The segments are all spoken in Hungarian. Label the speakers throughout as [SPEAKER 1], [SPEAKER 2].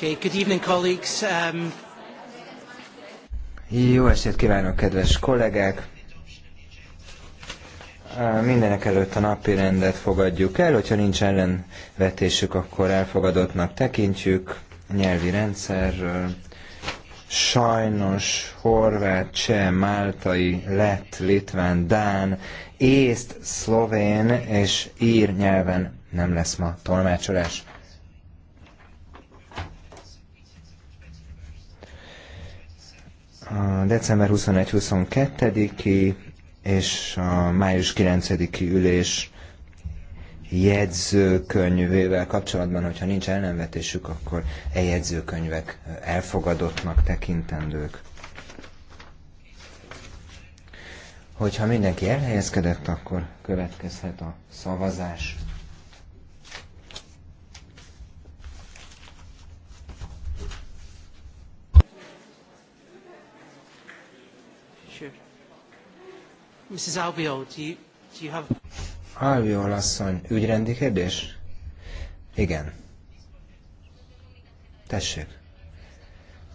[SPEAKER 1] Okay, good evening, colleagues.
[SPEAKER 2] Um... Jó estét kívánok, kedves kollégák! Mindenek előtt a napi rendet fogadjuk el, hogyha nincs ellenvetésük, akkor elfogadottnak tekintjük. Nyelvi rendszerről sajnos horvát, cseh, máltai, lett, litván, dán, észt, szlovén és ír nyelven nem lesz ma tolmácsolás. a december 21-22-i és a május 9-i ülés jegyzőkönyvével kapcsolatban, hogyha nincs ellenvetésük, akkor e jegyzőkönyvek elfogadottnak tekintendők. Hogyha mindenki elhelyezkedett, akkor következhet a szavazás.
[SPEAKER 1] Mrs. Albiol, do you, do you have...
[SPEAKER 2] Albiol asszony, ügyrendi kérdés? Igen. Tessék.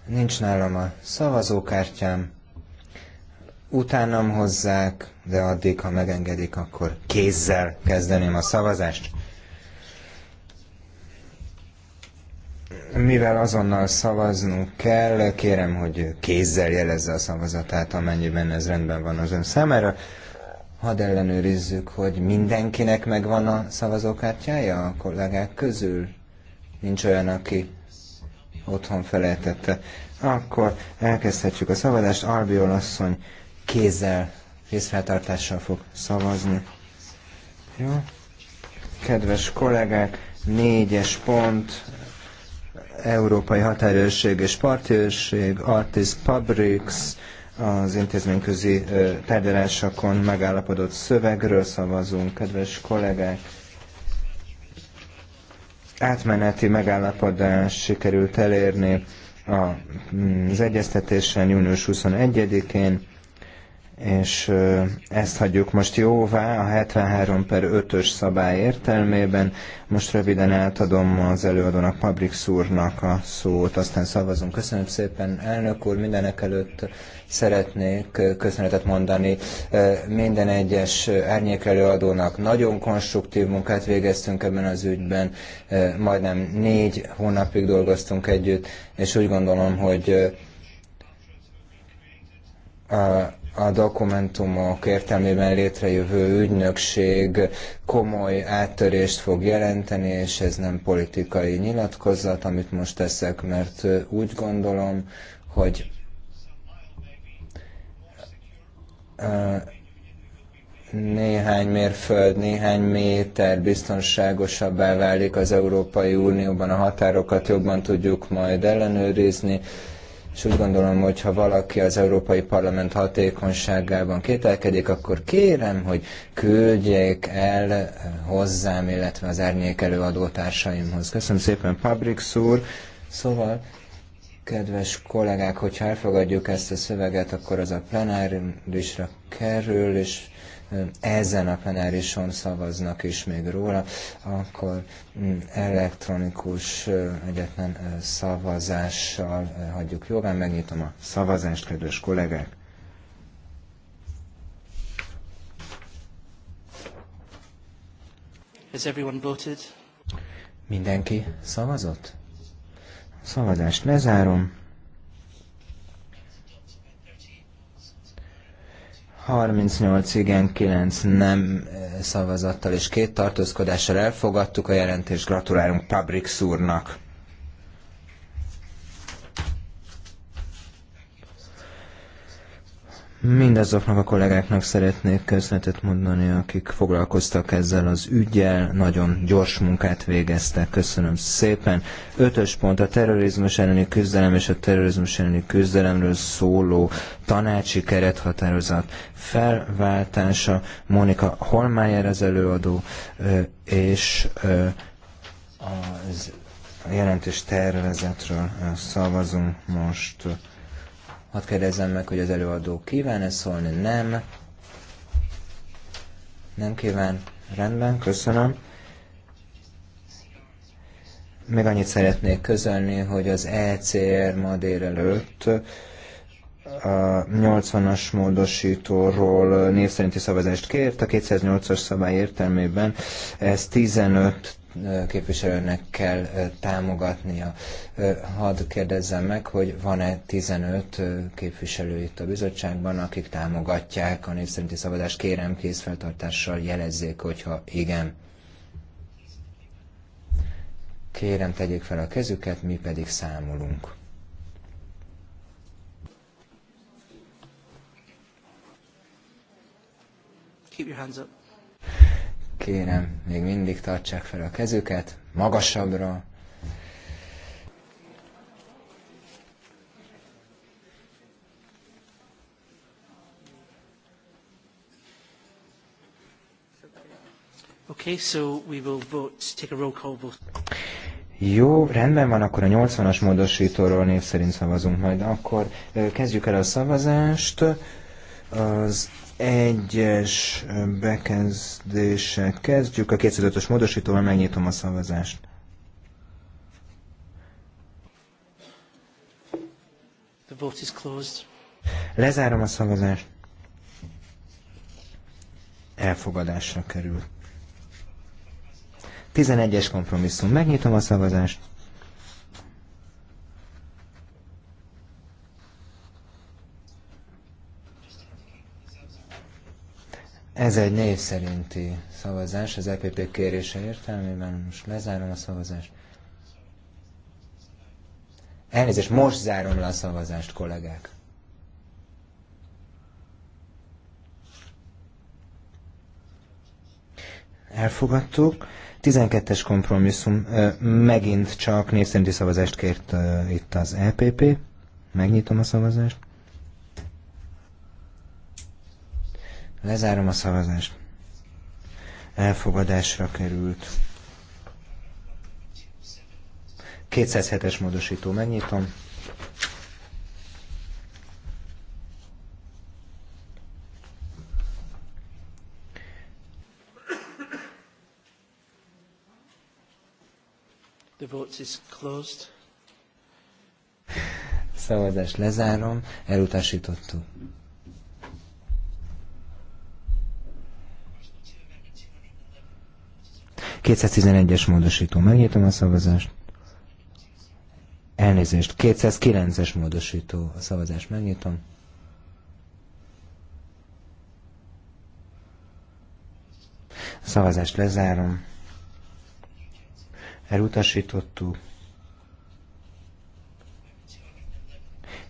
[SPEAKER 2] Nincs nálam a szavazókártyám. Utánam hozzák, de addig, ha megengedik, akkor kézzel kezdeném a szavazást. mivel azonnal szavaznunk kell, kérem, hogy kézzel jelezze a szavazatát, amennyiben ez rendben van az ön számára. Hadd ellenőrizzük, hogy mindenkinek megvan a szavazókártyája a kollégák közül. Nincs olyan, aki otthon felejtette. Akkor elkezdhetjük a szavazást. Albiol asszony kézzel, kézfeltartással fog szavazni. Jó? Kedves kollégák, négyes pont, Európai Határőrség és Partőrség, Artis Publics, az intézményközi tárgyalásokon megállapodott szövegről szavazunk, kedves kollégák. Átmeneti megállapodás sikerült elérni mm, az egyeztetésen június 21-én és ezt hagyjuk most jóvá a 73 per 5-ös szabály értelmében. Most röviden átadom az előadónak, Pabrik Szúrnak a szót, aztán szavazunk. Köszönöm szépen, elnök úr, mindenek előtt szeretnék köszönetet mondani minden egyes árnyék előadónak. Nagyon konstruktív munkát végeztünk ebben az ügyben, majdnem négy hónapig dolgoztunk együtt, és úgy gondolom, hogy a a dokumentumok értelmében létrejövő ügynökség komoly áttörést fog jelenteni, és ez nem politikai nyilatkozat, amit most teszek, mert úgy gondolom, hogy néhány mérföld, néhány méter biztonságosabbá válik az Európai Unióban, a határokat jobban tudjuk majd ellenőrizni, és úgy gondolom, hogy ha valaki az Európai Parlament hatékonyságában kételkedik, akkor kérem, hogy küldjék el eh, hozzám, illetve az árnyék előadó társaimhoz. Köszönöm szépen, Pabrik úr. Szóval, kedves kollégák, hogyha elfogadjuk ezt a szöveget, akkor az a plenárisra kerül, és ezen a plenárison szavaznak is még róla, akkor mm, elektronikus egyetlen szavazással hagyjuk jóvá. Megnyitom a szavazást, kedves kollégák!
[SPEAKER 1] Has everyone voted?
[SPEAKER 2] Mindenki szavazott? A szavazást lezárom. 38 igen, 9 nem eh, szavazattal és két tartózkodással elfogadtuk a jelentést. Gratulálunk Pabrik úrnak. Mindazoknak a kollégáknak szeretnék köszönetet mondani, akik foglalkoztak ezzel az ügyel, nagyon gyors munkát végeztek, köszönöm szépen. Ötös pont a terrorizmus elleni küzdelem és a terrorizmus elleni küzdelemről szóló tanácsi kerethatározat felváltása. Monika Holmájer az előadó, és az jelentés tervezetről szavazunk most. Hadd kérdezzem meg, hogy az előadó kíván-e szólni? Nem. Nem kíván. Rendben, köszönöm. Még annyit szeretnék közölni, hogy az ECR ma délelőtt a 80-as módosítóról név szerinti szavazást kért, a 208-as szabály értelmében ez 15 képviselőnek kell támogatnia. Hadd kérdezzem meg, hogy van-e 15 képviselő itt a bizottságban, akik támogatják a név szerinti szavazást, kérem készfeltartással jelezzék, hogyha igen. Kérem, tegyék fel a kezüket, mi pedig számolunk. Keep your hands up. Kérem, még mindig tartsák fel a kezüket, magasabbra.
[SPEAKER 1] Okay, so we will vote, take a roll call vote.
[SPEAKER 2] Jó, rendben van, akkor a 80-as módosítóról név szerint szavazunk majd. Akkor kezdjük el a szavazást. Az egyes bekezdéssel kezdjük. A 205-ös módosítóval megnyitom a szavazást.
[SPEAKER 1] The vote is closed.
[SPEAKER 2] Lezárom a szavazást. Elfogadásra kerül. 11-es kompromisszum. Megnyitom a szavazást. Ez egy név szerinti szavazás az EPP kérése értelmében. Most lezárom a szavazást. Elnézést, most zárom le a szavazást, kollégák. Elfogadtuk. 12-es kompromisszum. Megint csak népszerinti szavazást kért itt az EPP. Megnyitom a szavazást. Lezárom a szavazást. Elfogadásra került. 207-es módosító, megnyitom.
[SPEAKER 1] The vote is closed.
[SPEAKER 2] Szavazást lezárom, elutasítottuk. 211-es módosító. Megnyitom a szavazást. Elnézést. 209-es módosító. A szavazást megnyitom. A szavazást lezárom. Elutasítottuk.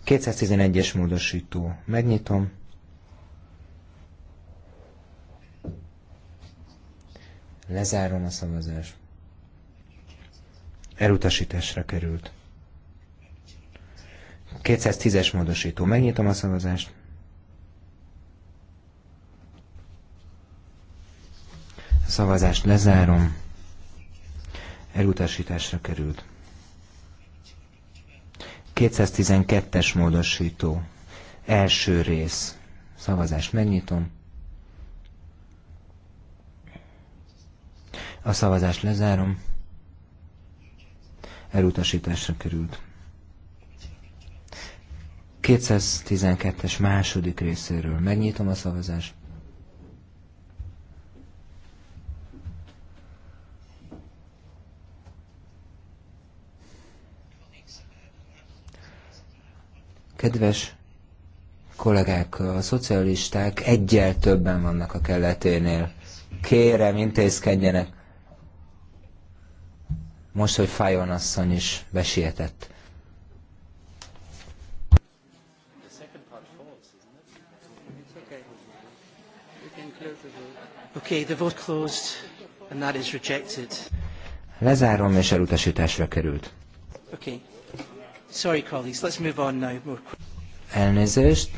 [SPEAKER 2] 211-es módosító. Megnyitom. Lezárom a szavazást. Elutasításra került. 210-es módosító. Megnyitom a szavazást. A szavazást lezárom. Elutasításra került. 212-es módosító. Első rész. Szavazást megnyitom. A szavazást lezárom. Elutasításra került. 212-es második részéről megnyitom a szavazást. Kedves kollégák, a szocialisták egyel többen vannak a kelleténél. Kérem, intézkedjenek! most, hogy Fajon asszony is besietett.
[SPEAKER 1] Okay, the vote closed, and that is rejected.
[SPEAKER 2] Lezárom, és elutasításra került.
[SPEAKER 1] Okay. Sorry, colleagues, let's move on now. More...
[SPEAKER 2] Elnézést,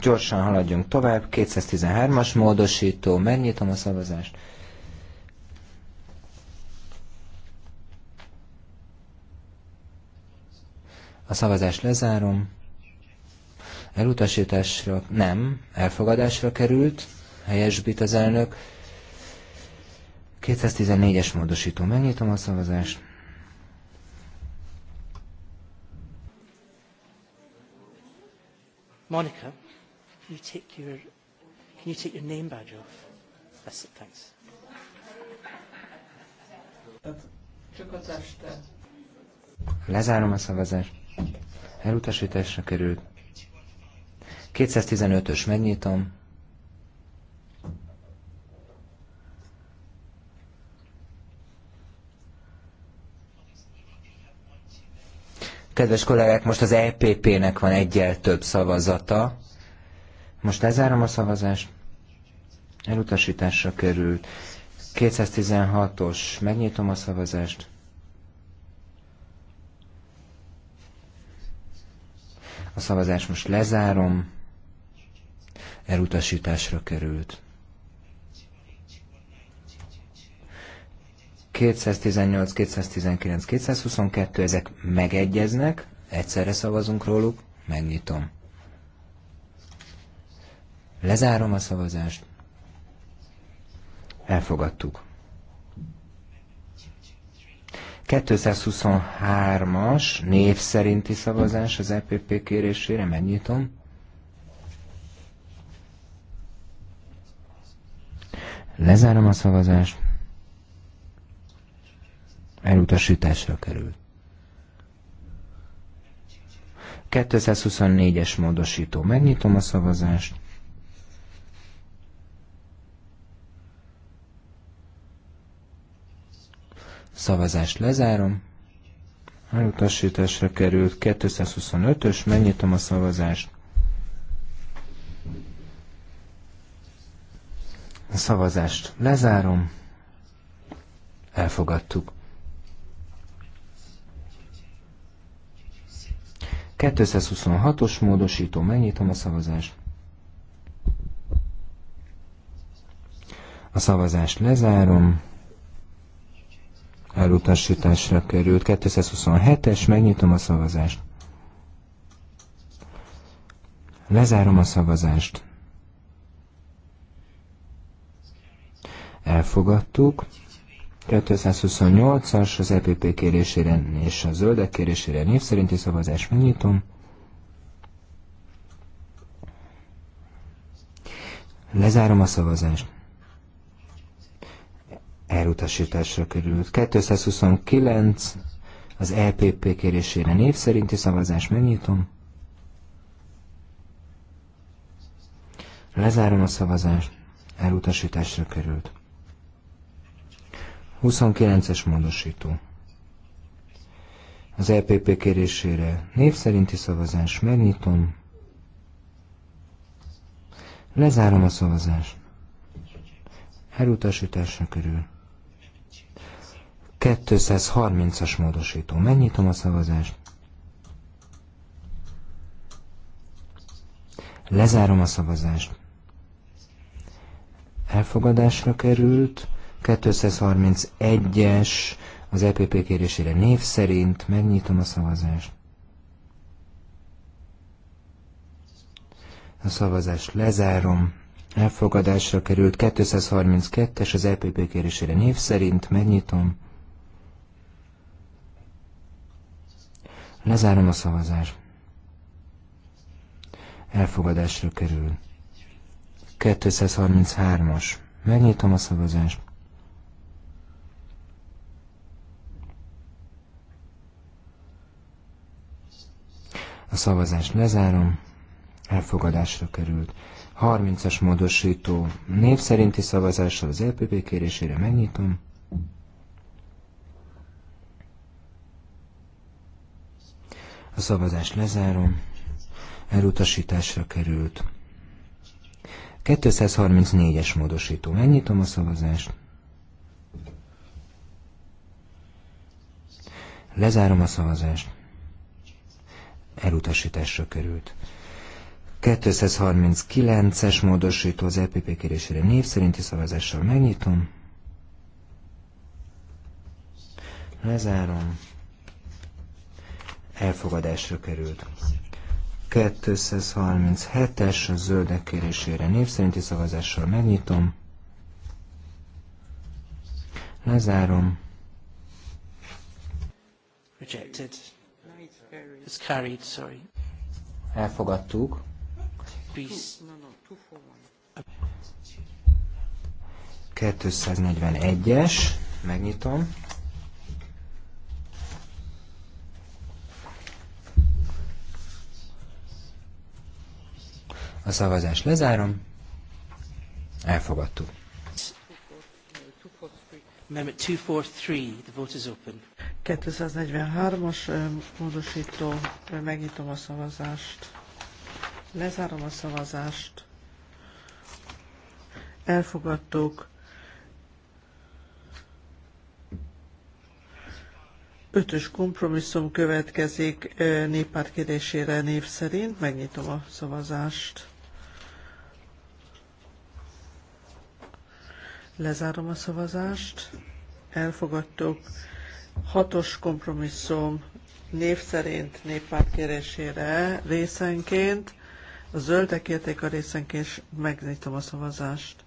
[SPEAKER 2] gyorsan haladjunk tovább. 213-as módosító, megnyitom a szavazást. A szavazást lezárom. Elutasításra nem, elfogadásra került, helyesbít az elnök. 214-es módosító. Megnyitom a szavazást.
[SPEAKER 1] Monica, can you take your, can you take your name badge off? That's it, thanks.
[SPEAKER 2] Lezárom a szavazást. Elutasításra került. 215-ös megnyitom. Kedves kollégák, most az EPP-nek van egyel több szavazata. Most lezárom a szavazást. Elutasításra került. 216-os. Megnyitom a szavazást. A szavazást most lezárom. Elutasításra került. 218, 219, 222, ezek megegyeznek, egyszerre szavazunk róluk, megnyitom. Lezárom a szavazást. Elfogadtuk. 2023 as név szerinti szavazás az EPP kérésére, megnyitom. Lezárom a szavazást. Elutasításra kerül. 2024 es módosító. Megnyitom a szavazást. Szavazást lezárom. Elutasításra került 225-ös, megnyitom a szavazást. A szavazást lezárom. Elfogadtuk. 226-os módosító, megnyitom a szavazást. A szavazást lezárom elutasításra került. 227-es, megnyitom a szavazást. Lezárom a szavazást. Elfogadtuk. 228-as az EPP kérésére és a zöldek kérésére név szerinti szavazást megnyitom. Lezárom a szavazást elutasításra került. 229 az EPP kérésére név szerinti szavazás megnyitom. Lezárom a szavazást, elutasításra került. 29-es módosító. Az EPP kérésére név szerinti szavazás megnyitom. Lezárom a szavazást. Elutasításra kerül. 230-as módosító. Megnyitom a szavazást. Lezárom a szavazást. Elfogadásra került. 231-es az EPP kérésére név szerint. Megnyitom a szavazást. A szavazást lezárom. Elfogadásra került 232-es az EPP kérésére név szerint. Megnyitom. Lezárom a szavazást. Elfogadásra kerül. 233-as. Megnyitom a szavazást. A szavazást lezárom. Elfogadásra került. 30-as módosító név szerinti szavazással az LPP kérésére megnyitom. A szavazást lezárom. Elutasításra került. 234-es módosító. Megnyitom a szavazást. Lezárom a szavazást. Elutasításra került. 239-es módosító az EPP kérésére név szerinti szavazással megnyitom. Lezárom elfogadásra került. 237-es a zöldek kérésére népszerinti szavazással megnyitom. Lezárom.
[SPEAKER 1] Rejected. It's carried, sorry.
[SPEAKER 2] Elfogadtuk. Peace. 241-es, megnyitom. A szavazást lezárom. Elfogadtuk.
[SPEAKER 3] 243-as módosító, megnyitom a szavazást, lezárom a szavazást, elfogadtuk, 5-ös kompromisszum következik néppárt kérésére név szerint, megnyitom a szavazást. Lezárom a szavazást. Elfogadtuk. Hatos kompromisszum név szerint néppárt kérésére részenként. A zöldek érték a részenként, és megnyitom a szavazást.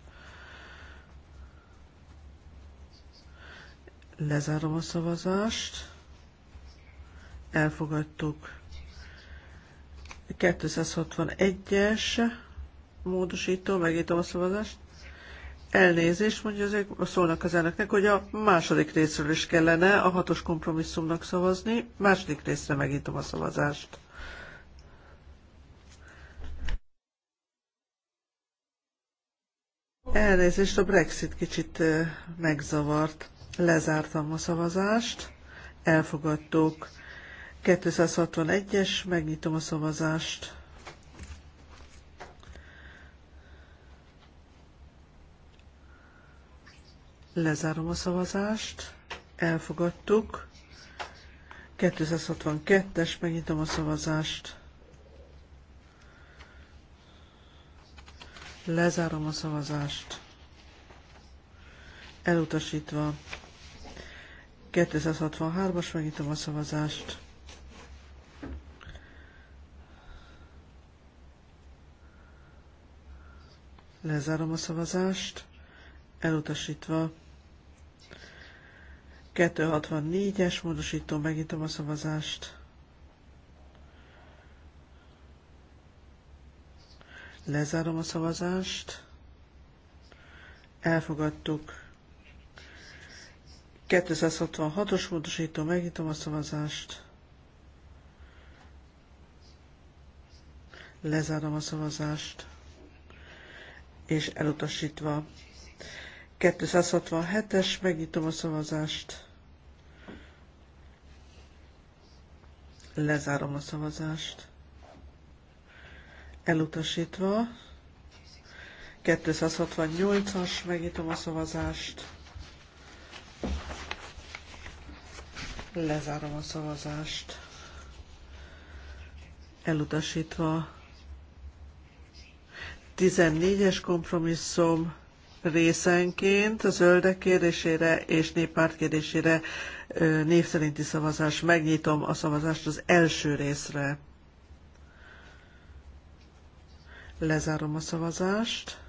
[SPEAKER 3] Lezárom a szavazást. Elfogadtuk. 261-es módosító, megnyitom a szavazást. Elnézést mondja azért, szólnak az elnöknek, hogy a második részről is kellene a hatos kompromisszumnak szavazni. Második részre megnyitom a szavazást. Elnézést, a Brexit kicsit megzavart. Lezártam a szavazást, elfogadtuk. 261-es, megnyitom a szavazást. Lezárom a szavazást. Elfogadtuk. 262-es, megnyitom a szavazást. Lezárom a szavazást. Elutasítva. 263-as, megnyitom a szavazást. Lezárom a szavazást. Elutasítva. 264-es módosító, megnyitom a szavazást. Lezárom a szavazást. Elfogadtuk. 266-os módosító, megnyitom a szavazást. Lezárom a szavazást. És elutasítva. 267-es, megnyitom a szavazást. Lezárom a szavazást. Elutasítva. 268-as, megnyitom a szavazást. Lezárom a szavazást. Elutasítva. 14-es kompromisszum részenként a zöldek kérdésére és néppárt kérdésére név szerinti szavazás. Megnyitom a szavazást az első részre. Lezárom a szavazást.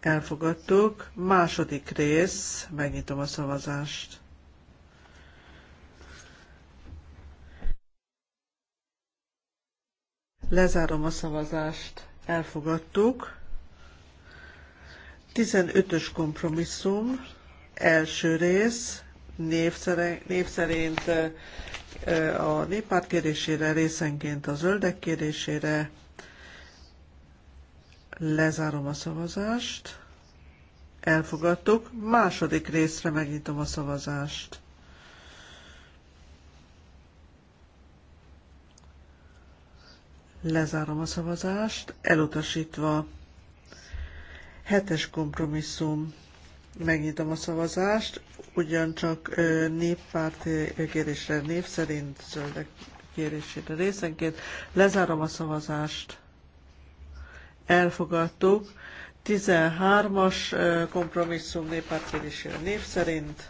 [SPEAKER 3] Elfogadtuk. Második rész. Megnyitom a szavazást. Lezárom a szavazást. Elfogadtuk. 15-ös kompromisszum, első rész, név szerint a néppárt kérésére, részenként a zöldek kérésére. Lezárom a szavazást. Elfogadtuk. Második részre megnyitom a szavazást. Lezárom a szavazást, elutasítva Hetes kompromisszum. Megnyitom a szavazást, ugyancsak néppárt kérésre, név szerint zöldek kérésére részenként. Lezárom a szavazást. Elfogadtuk. 13-as kompromisszum néppárt kérésére név szerint.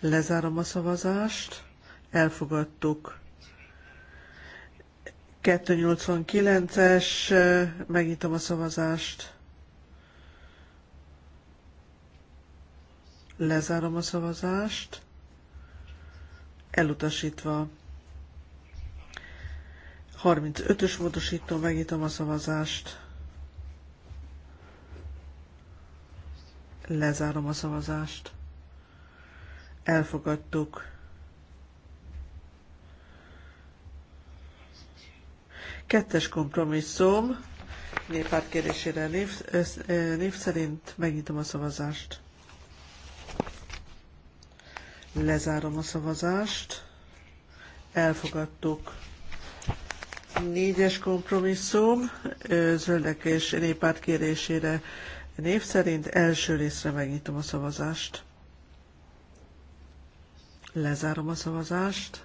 [SPEAKER 3] Lezárom a szavazást. Elfogadtuk. 289-es, megnyitom a szavazást. Lezárom a szavazást. Elutasítva. 35-ös módosító, megnyitom a szavazást. Lezárom a szavazást. Elfogadtuk. Kettes kompromisszum, néppárt kérésére név, név szerint megnyitom a szavazást. Lezárom a szavazást. Elfogadtuk. Négyes kompromisszum, zöldek és néppárt kérésére név szerint első részre megnyitom a szavazást. Lezárom a szavazást.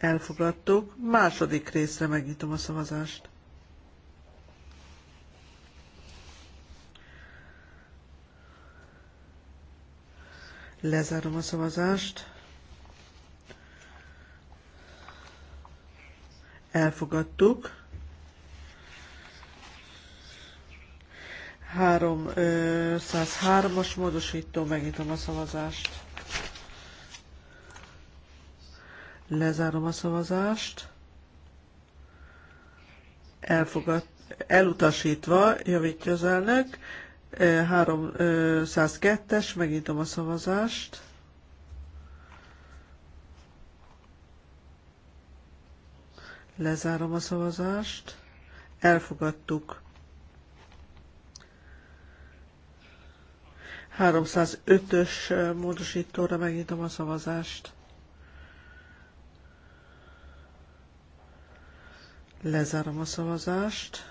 [SPEAKER 3] elfogadtuk. Második részre megnyitom a szavazást. Lezárom a szavazást. Elfogadtuk. Három 103-as módosító, megnyitom a szavazást. Lezárom a szavazást. Elfogad, elutasítva, javítja az elnök. 302-es, e, e, megnyitom a szavazást. Lezárom a szavazást. Elfogadtuk. 305-ös e, módosítóra megnyitom a szavazást. Lezárom a szavazást.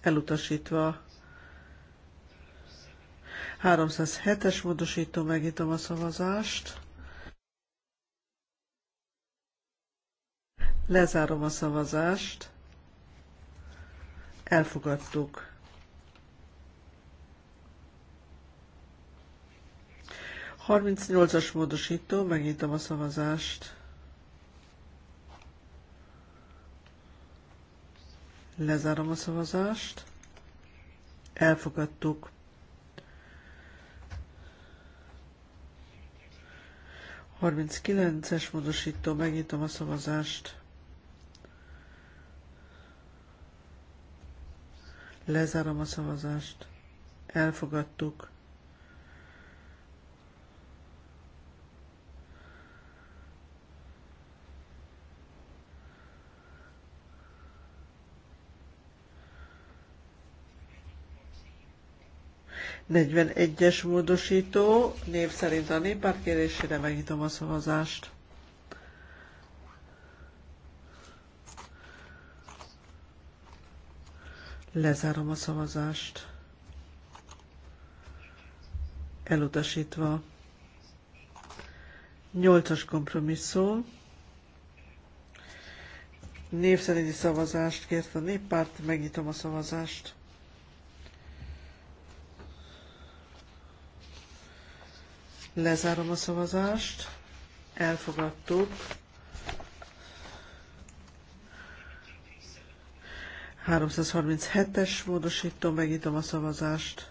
[SPEAKER 3] Elutasítva 307-es módosító, megnyitom a szavazást. Lezárom a szavazást. Elfogadtuk. Harmincnyolcas módosító, megnyitom a szavazást. Lezárom a szavazást. Elfogadtuk. kilences módosító, megnyitom a szavazást. Lezárom a szavazást. Elfogadtuk. 41-es módosító, név szerint a néppárt kérésére megnyitom a szavazást. Lezárom a szavazást. Elutasítva. 8-as kompromisszum. Név szerinti szavazást kért a néppárt, megnyitom a szavazást. Lezárom a szavazást. Elfogadtuk. es módosító, megnyitom a szavazást.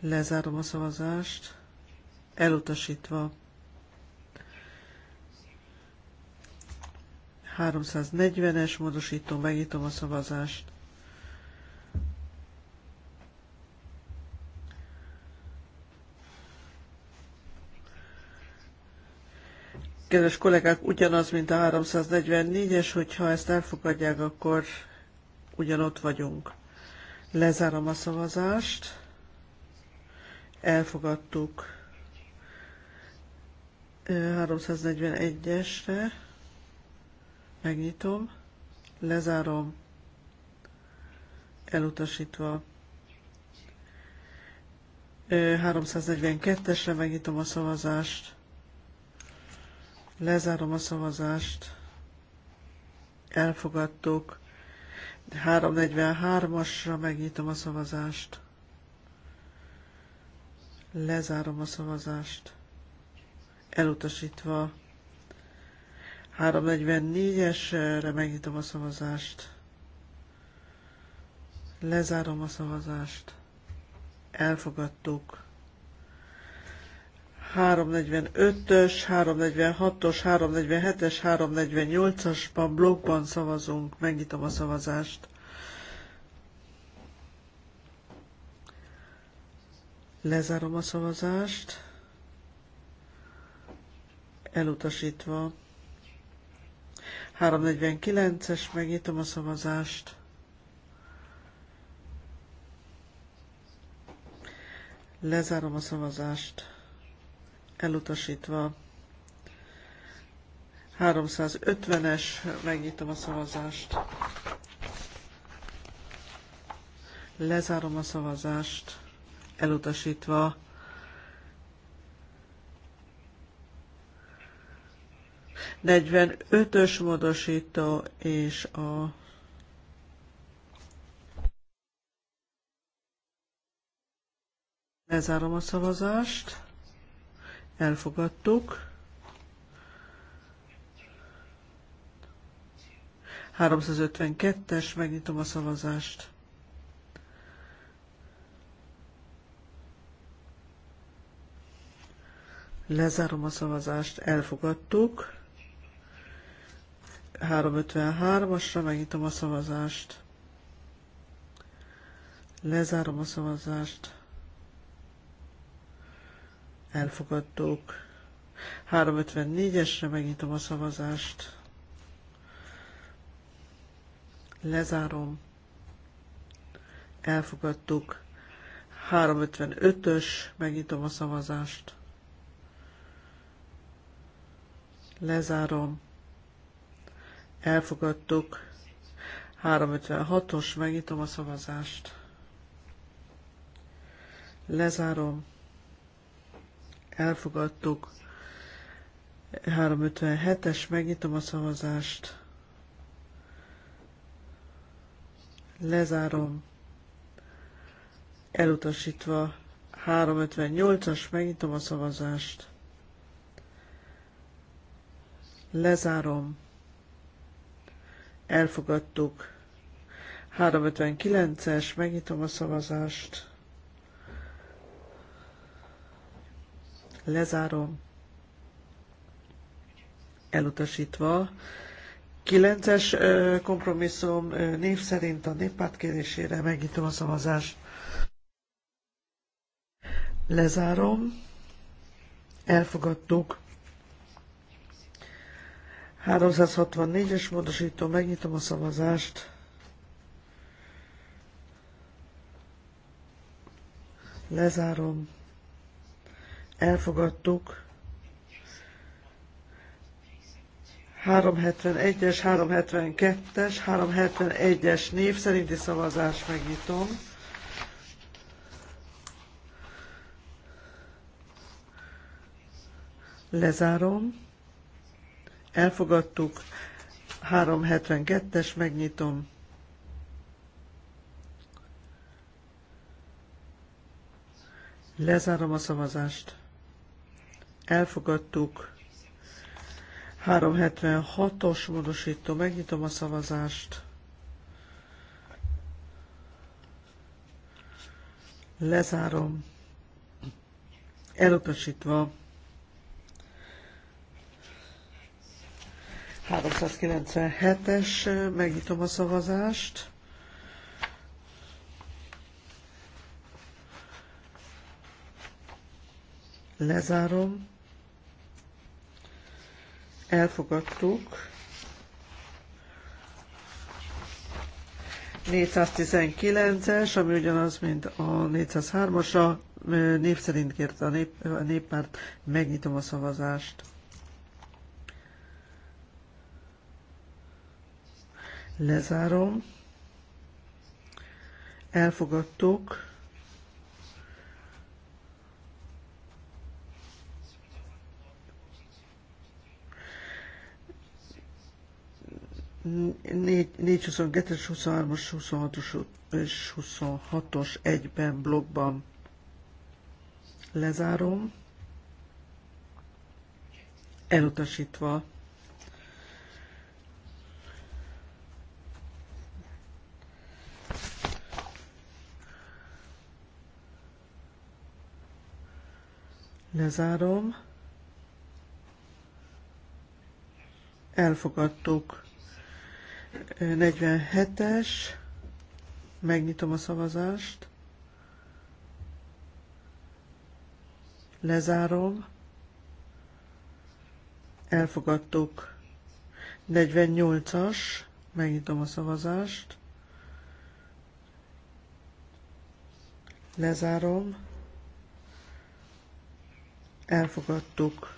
[SPEAKER 3] Lezárom a szavazást. Elutasítva. 340-es módosító, megnyitom a szavazást. kedves kollégák, ugyanaz, mint a 344-es, hogyha ezt elfogadják, akkor ugyanott vagyunk. Lezárom a szavazást. Elfogadtuk 341-esre. Megnyitom. Lezárom. Elutasítva. 342-esre megnyitom a szavazást Lezárom a szavazást. Elfogadtuk. 343-asra megnyitom a szavazást. Lezárom a szavazást. Elutasítva. 344-esre megnyitom a szavazást. Lezárom a szavazást. Elfogadtuk. 345-ös, 346-os, 347-es, 348-asban blogban szavazunk. Megnyitom a szavazást. Lezárom a szavazást. Elutasítva. 349-es, megnyitom a szavazást. Lezárom a szavazást elutasítva. 350-es, megnyitom a szavazást. Lezárom a szavazást, elutasítva. Negyven ötös módosító és a Lezárom a szavazást elfogadtuk. 352-es, megnyitom a szavazást. Lezárom a szavazást, elfogadtuk. 353-asra megnyitom a szavazást. Lezárom a szavazást elfogadtuk. 354-esre megnyitom a szavazást. Lezárom. Elfogadtuk. 355-ös, megnyitom a szavazást. Lezárom. Elfogadtuk. 356-os, megnyitom a szavazást. Lezárom elfogadtuk. 357-es, megnyitom a szavazást. Lezárom. Elutasítva. 358-as, megnyitom a szavazást. Lezárom. Elfogadtuk. 359-es, megnyitom a szavazást. Lezárom. Elutasítva. Kilences es kompromisszum név szerint a néppárt kérésére megnyitom a szavazást. Lezárom. Elfogadtuk. 364-es módosító, megnyitom a szavazást. Lezárom elfogadtuk. 371-es, 372-es, 371-es név szerinti szavazás megnyitom. Lezárom. Elfogadtuk. 372-es, megnyitom. Lezárom a szavazást elfogadtuk. 376-os módosító, megnyitom a szavazást. Lezárom. Elutasítva. 397-es, megnyitom a szavazást. Lezárom elfogadtuk. 419-es, ami ugyanaz, mint a 403 asa név szerint kérte a, nép, a néppárt, megnyitom a szavazást. Lezárom. Elfogadtuk. 422-es, 23-as, 26-os és 26-os egyben blogban lezárom. Elutasítva. Lezárom. Elfogadtuk 47-es, megnyitom a szavazást, lezárom, elfogadtuk. 48-as, megnyitom a szavazást, lezárom, elfogadtuk.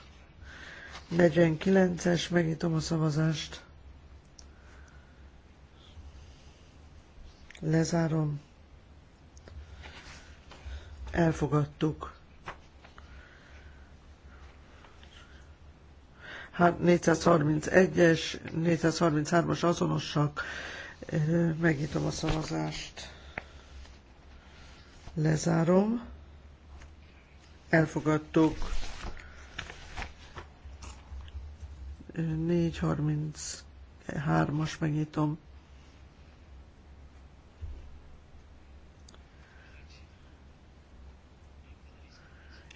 [SPEAKER 3] 49-es, megnyitom a szavazást. Lezárom. Elfogadtuk. Hát 431-es, 433-as azonosak. Megnyitom a szavazást. Lezárom. Elfogadtuk. 433-as megnyitom.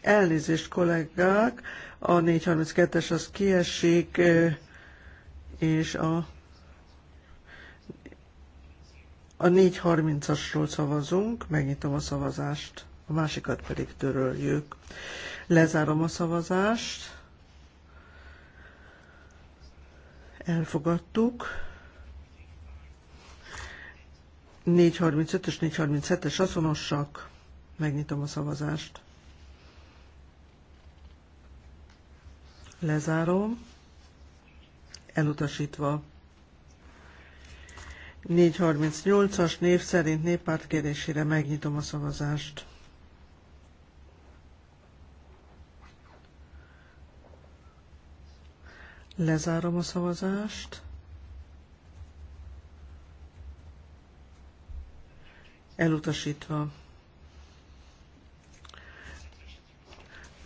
[SPEAKER 3] Elnézést, kollégák, a 432-es az kiesik, és a, a 430-asról szavazunk, megnyitom a szavazást, a másikat pedig töröljük. Lezárom a szavazást. Elfogadtuk. 435 ös 437-es azonosak. Megnyitom a szavazást. Lezárom. Elutasítva. 438-as név szerint néppárt kérésére megnyitom a szavazást. Lezárom a szavazást. Elutasítva.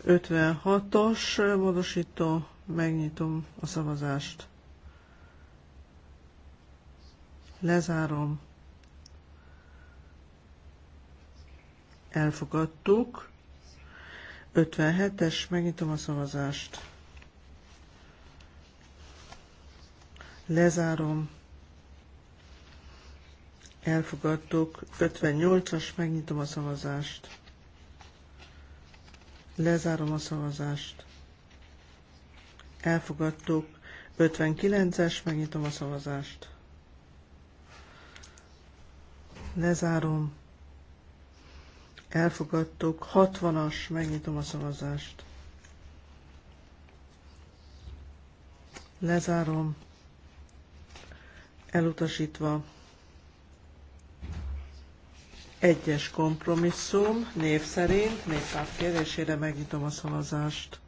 [SPEAKER 3] 56-os módosító, megnyitom a szavazást. Lezárom. Elfogadtuk. 57-es, megnyitom a szavazást. Lezárom. Elfogadtuk. 58-as, megnyitom a szavazást. Lezárom a szavazást. Elfogadtuk. 59-es, megnyitom a szavazást. Lezárom. Elfogadtuk. 60-as, megnyitom a szavazást. Lezárom. Elutasítva. Egyes kompromisszum, név szerint, néppárt kérésére megnyitom a szavazást.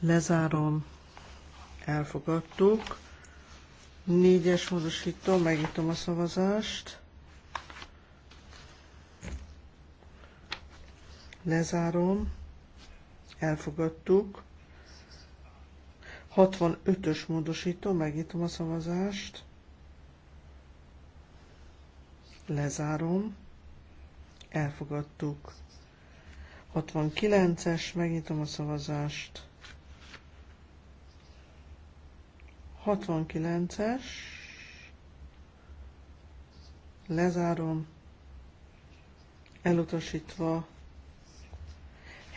[SPEAKER 3] Lezárom, elfogadtuk. Négyes módosító, megnyitom a szavazást. Lezárom, elfogadtuk. 65-ös módosító, megnyitom a szavazást. Lezárom. Elfogadtuk. 69-es, megnyitom a szavazást. 69-es. Lezárom. Elutasítva.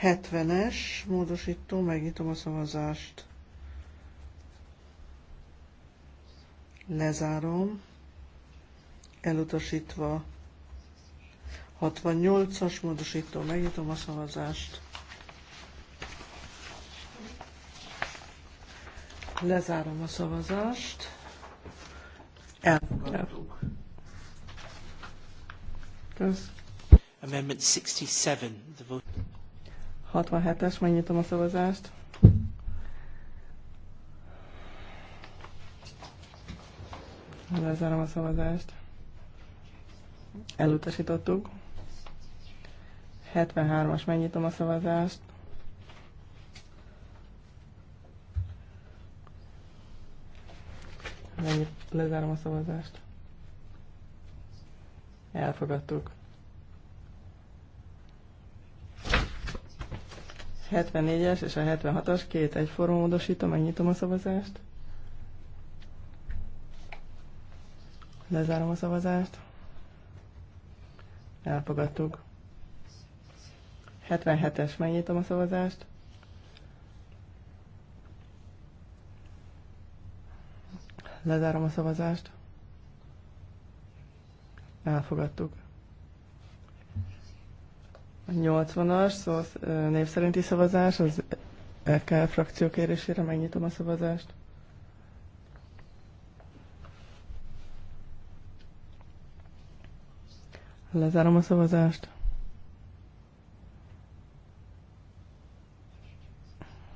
[SPEAKER 3] 70-es módosító, megnyitom a szavazást. Lezárom elutasítva. 68-as módosító, megnyitom a szavazást. Lezárom a szavazást. Elfogadtuk.
[SPEAKER 4] Kösz.
[SPEAKER 1] Amendment 67.
[SPEAKER 4] 67-es, megnyitom a szavazást. Lezárom a szavazást elutasítottuk. 73-as, megnyitom a szavazást. Mennyit, lezárom a szavazást. Elfogadtuk. 74-es és a 76-as két egyforma módosítom, megnyitom a szavazást. Lezárom a szavazást. Elfogadtuk. 77-es, megnyitom a szavazást. Lezárom a szavazást. Elfogadtuk. A 80-as szóval népszerinti szavazás, az EKL frakció kérésére megnyitom a szavazást. Lezárom a szavazást.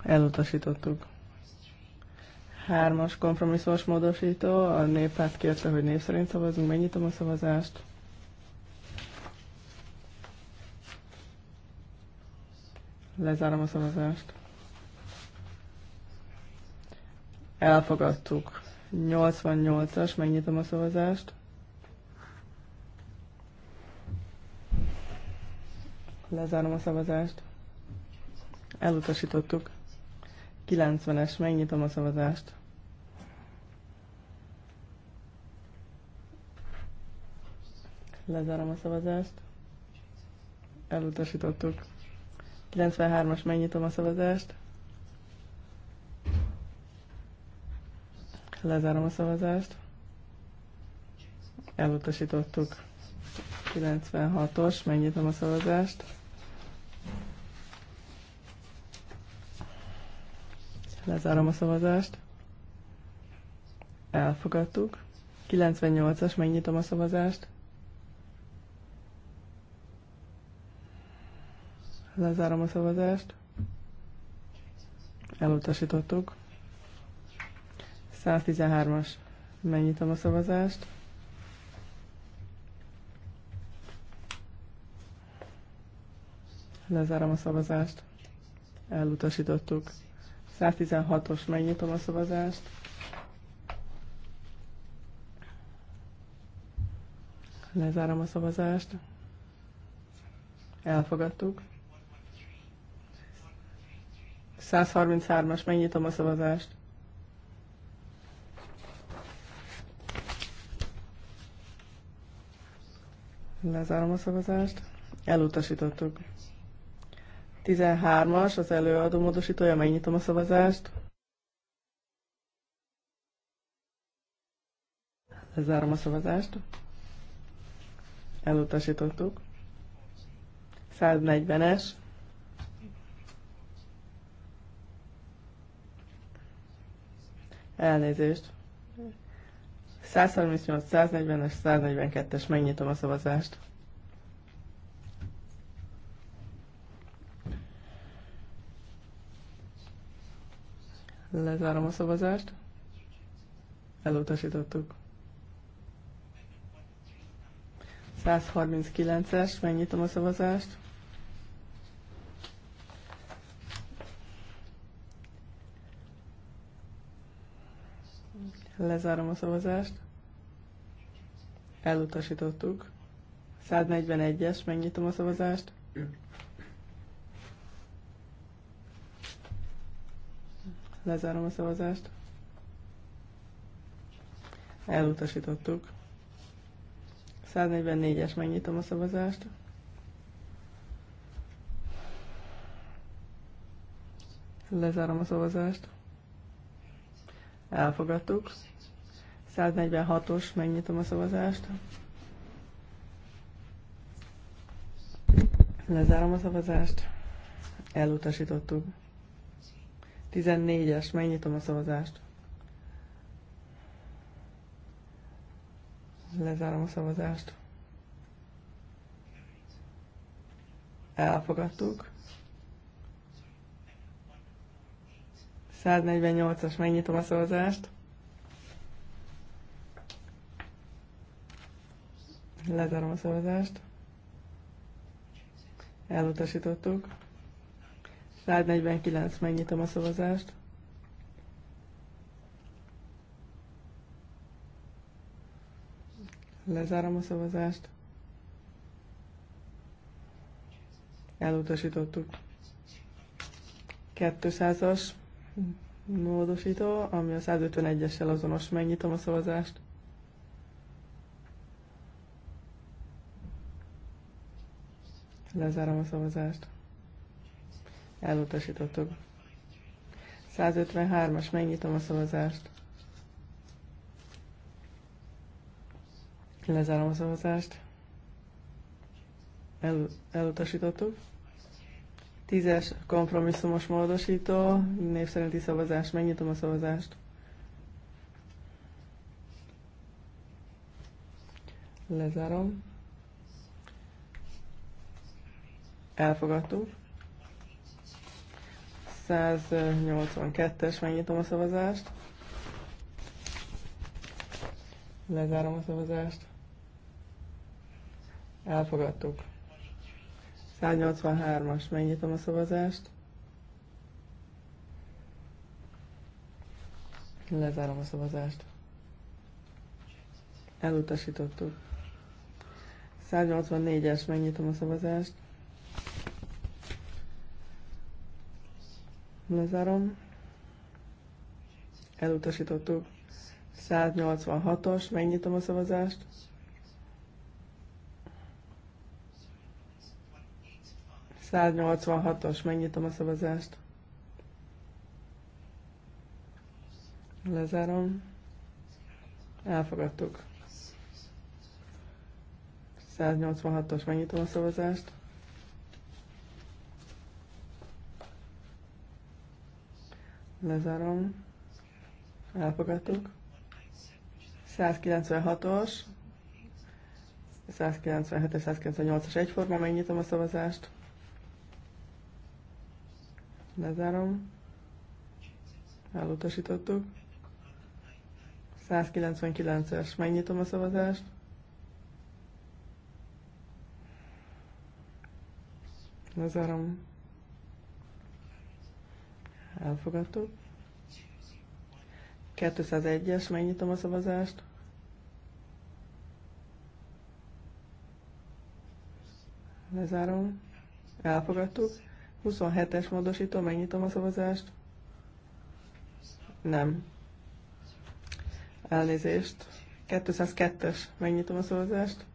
[SPEAKER 4] Elutasítottuk. Hármas kompromisszós módosító. A néppárt kérte, hogy név szerint szavazunk. Megnyitom a szavazást. Lezárom a szavazást. Elfogadtuk. 88-as, megnyitom a szavazást. Lezárom a szavazást. Elutasítottuk. 90-es, megnyitom a szavazást. Lezárom a szavazást. Elutasítottuk. 93-as, megnyitom a szavazást. Lezárom a szavazást. Elutasítottuk. 96-os, megnyitom a szavazást. Lezárom a szavazást. Elfogadtuk. 98-as, megnyitom a szavazást. Lezárom a szavazást. Elutasítottuk. 113-as. Megnyitom a szavazást. Lezárom a szavazást. Elutasítottuk. 116-os, megnyitom a szavazást. Lezárom a szavazást. Elfogadtuk. 133-as, megnyitom a szavazást. Lezárom a szavazást. Elutasítottuk. 13-as az előadó módosítója, megnyitom a szavazást. Lezárom a szavazást. Elutasítottuk. 140-es. Elnézést. 138, 140-es, 142-es, megnyitom a szavazást. Lezárom a szavazást. Elutasítottuk. 139-es, megnyitom a szavazást. Lezárom a szavazást. Elutasítottuk. 141-es, megnyitom a szavazást. Lezárom a szavazást. Elutasítottuk. 144-es, megnyitom a szavazást. Lezárom a szavazást. Elfogadtuk. 146-os, megnyitom a szavazást. Lezárom a szavazást. Elutasítottuk. 14-es, megnyitom a szavazást. Lezárom a szavazást. Elfogadtuk. 148-as, megnyitom a szavazást. Lezárom a szavazást. Elutasítottuk. 149, megnyitom a szavazást. Lezárom a szavazást. Elutasítottuk. 200-as módosító, ami a 151-essel azonos. Megnyitom a szavazást. Lezárom a szavazást. Elutasítottuk. 153-as, megnyitom a szavazást. Lezárom a szavazást. El, elutasítottuk. es kompromisszumos módosító, név szerinti szavazás, megnyitom a szavazást. Lezárom. Elfogadtuk. 182-es, megnyitom a szavazást. Lezárom a szavazást. Elfogadtuk. 183-as, megnyitom a szavazást. Lezárom a szavazást. Elutasítottuk. 184-es, megnyitom a szavazást. Lezárom. Elutasítottuk. 186-os, megnyitom a szavazást. os megnyitom a szavazást. Lezárom. Elfogadtuk. 186-os, megnyitom a szavazást. Lezárom. Elfogadtuk. 196-os, 197-es, 198-as egyforma, megnyitom a szavazást. Lezárom. Elutasítottuk. 199-es, megnyitom a szavazást. Lezárom elfogadtuk. 201-es, megnyitom a szavazást. Lezárom. Elfogadtuk. 27-es módosító, megnyitom a szavazást. Nem. Elnézést. 202-es, megnyitom a szavazást.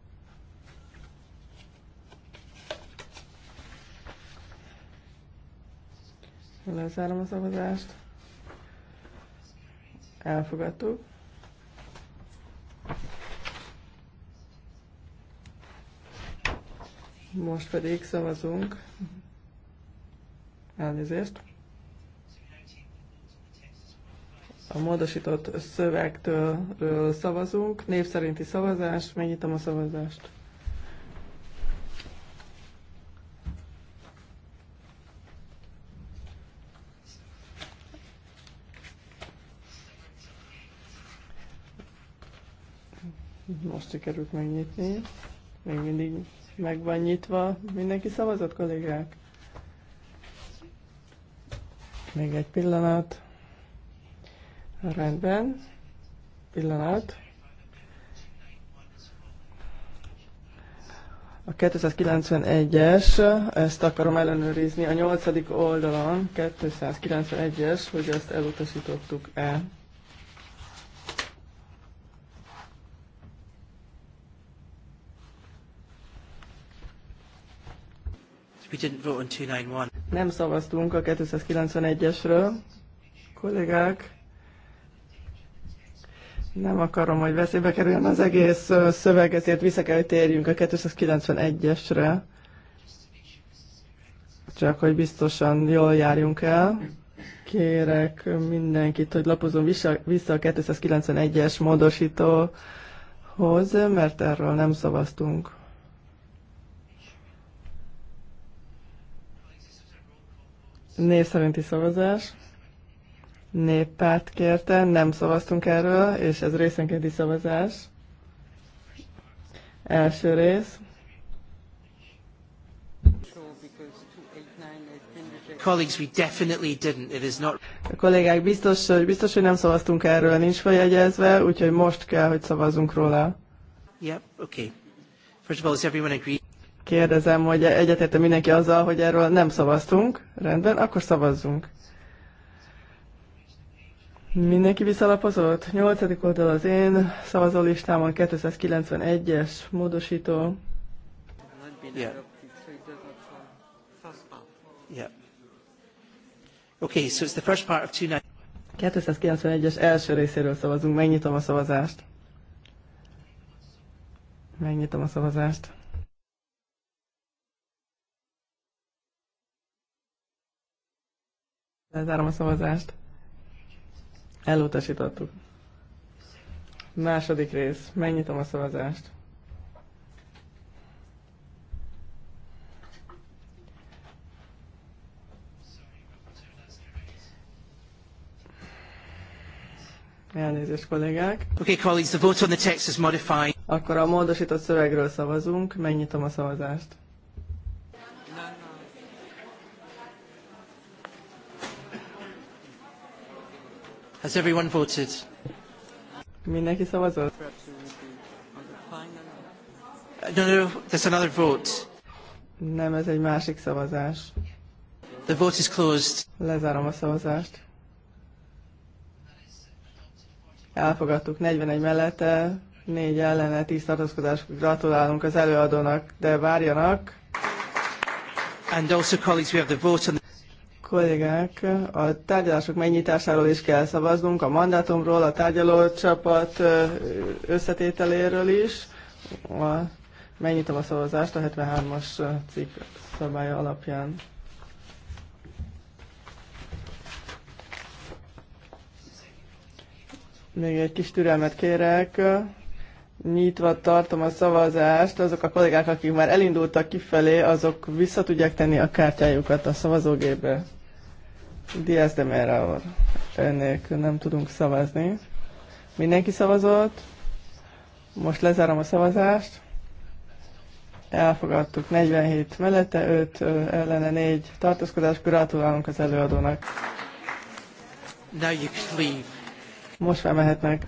[SPEAKER 4] Lezárom a szavazást. Elfogadtuk. Most pedig szavazunk. Elnézést. A módosított szövegtől szavazunk. Név szerinti szavazás. Megnyitom a szavazást. sikerült megnyitni. Még mindig meg van nyitva. Mindenki szavazott, kollégák? Még egy pillanat. Rendben. Pillanat. A 291-es, ezt akarom ellenőrizni, a 8. oldalon 291-es, hogy ezt elutasítottuk-e.
[SPEAKER 1] We didn't vote on 291.
[SPEAKER 4] Nem szavaztunk a 291-esről. Kollégák, nem akarom, hogy veszélybe kerüljön az egész szöveg, ezért vissza kell, hogy térjünk a 291-esre. Csak, hogy biztosan jól járjunk el. Kérek mindenkit, hogy lapozom vissza, vissza a 291-es módosítóhoz, mert erről nem szavaztunk. Név szerinti szavazás. Néppárt kérte, nem szavaztunk erről, és ez részenkénti szavazás. Első rész.
[SPEAKER 1] Colleagues, we definitely didn't. It is not...
[SPEAKER 4] A kollégák, biztos, hogy biztos, hogy nem szavaztunk erről, nincs feljegyezve, úgyhogy most kell, hogy szavazzunk róla.
[SPEAKER 1] Yep, okay. First of all, is everyone agree?
[SPEAKER 4] kérdezem, hogy egyetérte mindenki azzal, hogy erről nem szavaztunk. Rendben, akkor szavazzunk. Mindenki visszalapozott? 8. oldal az én szavazólistámon 291-es módosító.
[SPEAKER 1] Yeah. Yeah. Okay, so it's the first part of
[SPEAKER 4] 291-es első részéről szavazunk. Megnyitom a szavazást. Megnyitom a szavazást. Lezárom a szavazást. Elutasítottuk. Második rész. Megnyitom a szavazást.
[SPEAKER 1] Elnézést, kollégák. Okay, colleagues, the vote on the text is modified. Akkor a
[SPEAKER 4] módosított szövegről szavazunk. Megnyitom a szavazást.
[SPEAKER 1] Has everyone voted? Mindenki szavazott? No, no, there's another vote.
[SPEAKER 4] Nem, ez egy másik szavazás.
[SPEAKER 1] The vote is closed.
[SPEAKER 4] Lezárom a szavazást. Elfogadtuk 41 mellette, 4 ellene, 10 tartózkodás. Gratulálunk az előadónak, de várjanak. And also,
[SPEAKER 1] colleagues, we have the vote on
[SPEAKER 4] kollégák, a tárgyalások megnyitásáról is kell szavaznunk, a mandátumról, a tárgyalócsapat összetételéről is. A, megnyitom a szavazást a 73-as cikk szabálya alapján. Még egy kis türelmet kérek. Nyitva tartom a szavazást. Azok a kollégák, akik már elindultak kifelé, azok vissza tudják tenni a kártyájukat a szavazógépbe. Diaz de Mera úr. Önnélkül nem tudunk szavazni. Mindenki szavazott. Most lezárom a szavazást. Elfogadtuk 47 mellette, 5 ellene 4 tartózkodás. Gratulálunk az előadónak.
[SPEAKER 1] Now you can leave.
[SPEAKER 4] Most már mehetnek.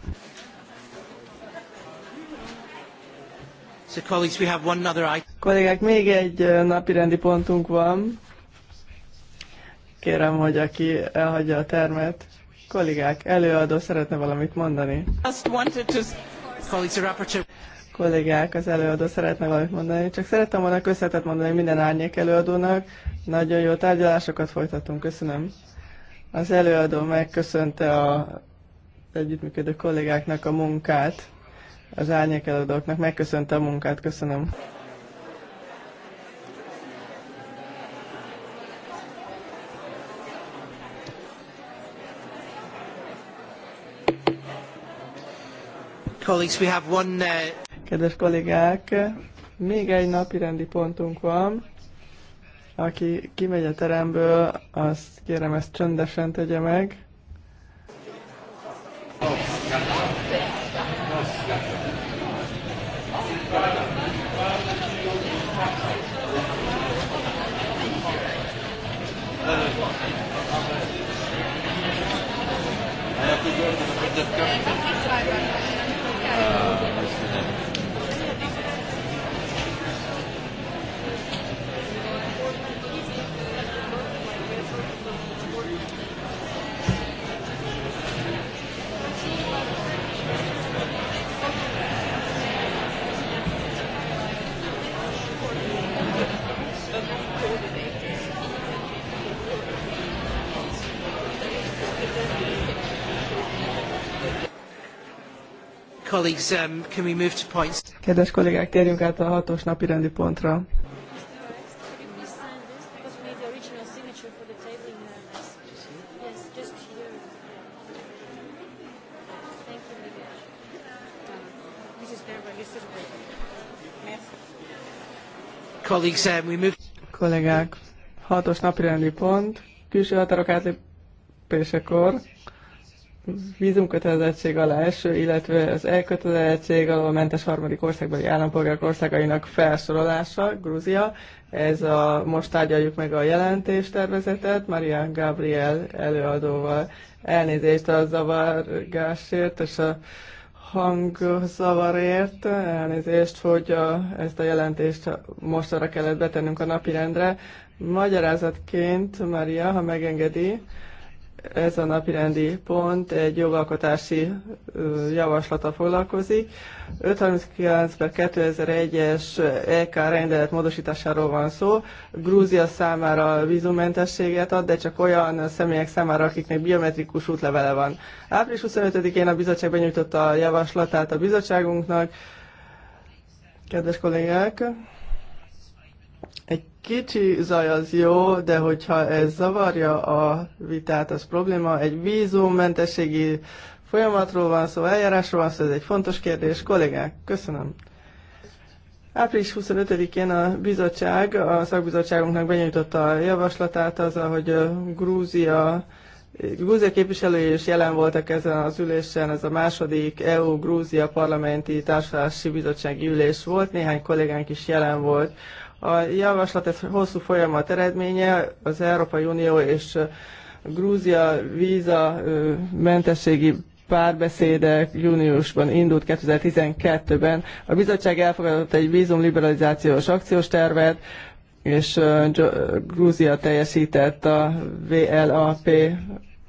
[SPEAKER 1] So colleagues, we have one other item.
[SPEAKER 4] Kollégák, még egy napirendi pontunk van. Kérem, hogy aki elhagyja a termet. Kollégák, előadó szeretne valamit mondani. Kollégák, az előadó szeretne valamit mondani. Csak szerettem volna köszönetet mondani minden árnyék előadónak. Nagyon jó tárgyalásokat folytatunk, köszönöm. Az előadó megköszönte a együttműködő kollégáknak a munkát, az árnyék előadóknak megköszönte a munkát, köszönöm. Uh, Kedves kollégák, még egy napi rendi pontunk van. Aki kimegy a teremből, azt kérem ezt csöndesen tegye meg.
[SPEAKER 1] you. colleagues, um, can we move to points? Kedves
[SPEAKER 4] kollégák, térjünk át a hatos napi rendi pontra.
[SPEAKER 1] Colleagues, um, we move... Kollégák,
[SPEAKER 4] hatos napi rendi pont, külső határok átlépésekor vízumkötelezettség alá eső, illetve az elkötelezettség alól mentes harmadik országbeli állampolgárok országainak felsorolása, Grúzia. Ez a, most tárgyaljuk meg a jelentéstervezetet Maria Gabriel előadóval. Elnézést a zavargásért és a hangzavarért, elnézést, hogy a, ezt a jelentést most arra kellett betennünk a napirendre. Magyarázatként, Maria, ha megengedi, ez a napirendi pont egy jogalkotási javaslata foglalkozik. 539 2001-es EK rendelet módosításáról van szó. Grúzia számára vízumentességet ad, de csak olyan személyek számára, akiknek biometrikus útlevele van. Április 25-én a bizottság benyújtotta a javaslatát a bizottságunknak. Kedves kollégák, egy kicsi zaj az jó, de hogyha ez zavarja a vitát, az probléma. Egy vízummentességi folyamatról van szó, eljárásról van szó, ez egy fontos kérdés. Kollégák, köszönöm. Április 25-én a bizottság, a szakbizottságunknak benyújtotta a javaslatát az, hogy Grúzia Grúzia képviselői is jelen voltak ezen az ülésen, ez a második EU-Grúzia parlamenti társadalási bizottsági ülés volt, néhány kollégánk is jelen volt. A javaslat, ez hosszú folyamat eredménye, az Európai Unió és Grúzia víza mentességi párbeszédek júniusban indult 2012-ben. A bizottság elfogadott egy vízumliberalizációs akciós tervet, és Grúzia teljesített a VLAP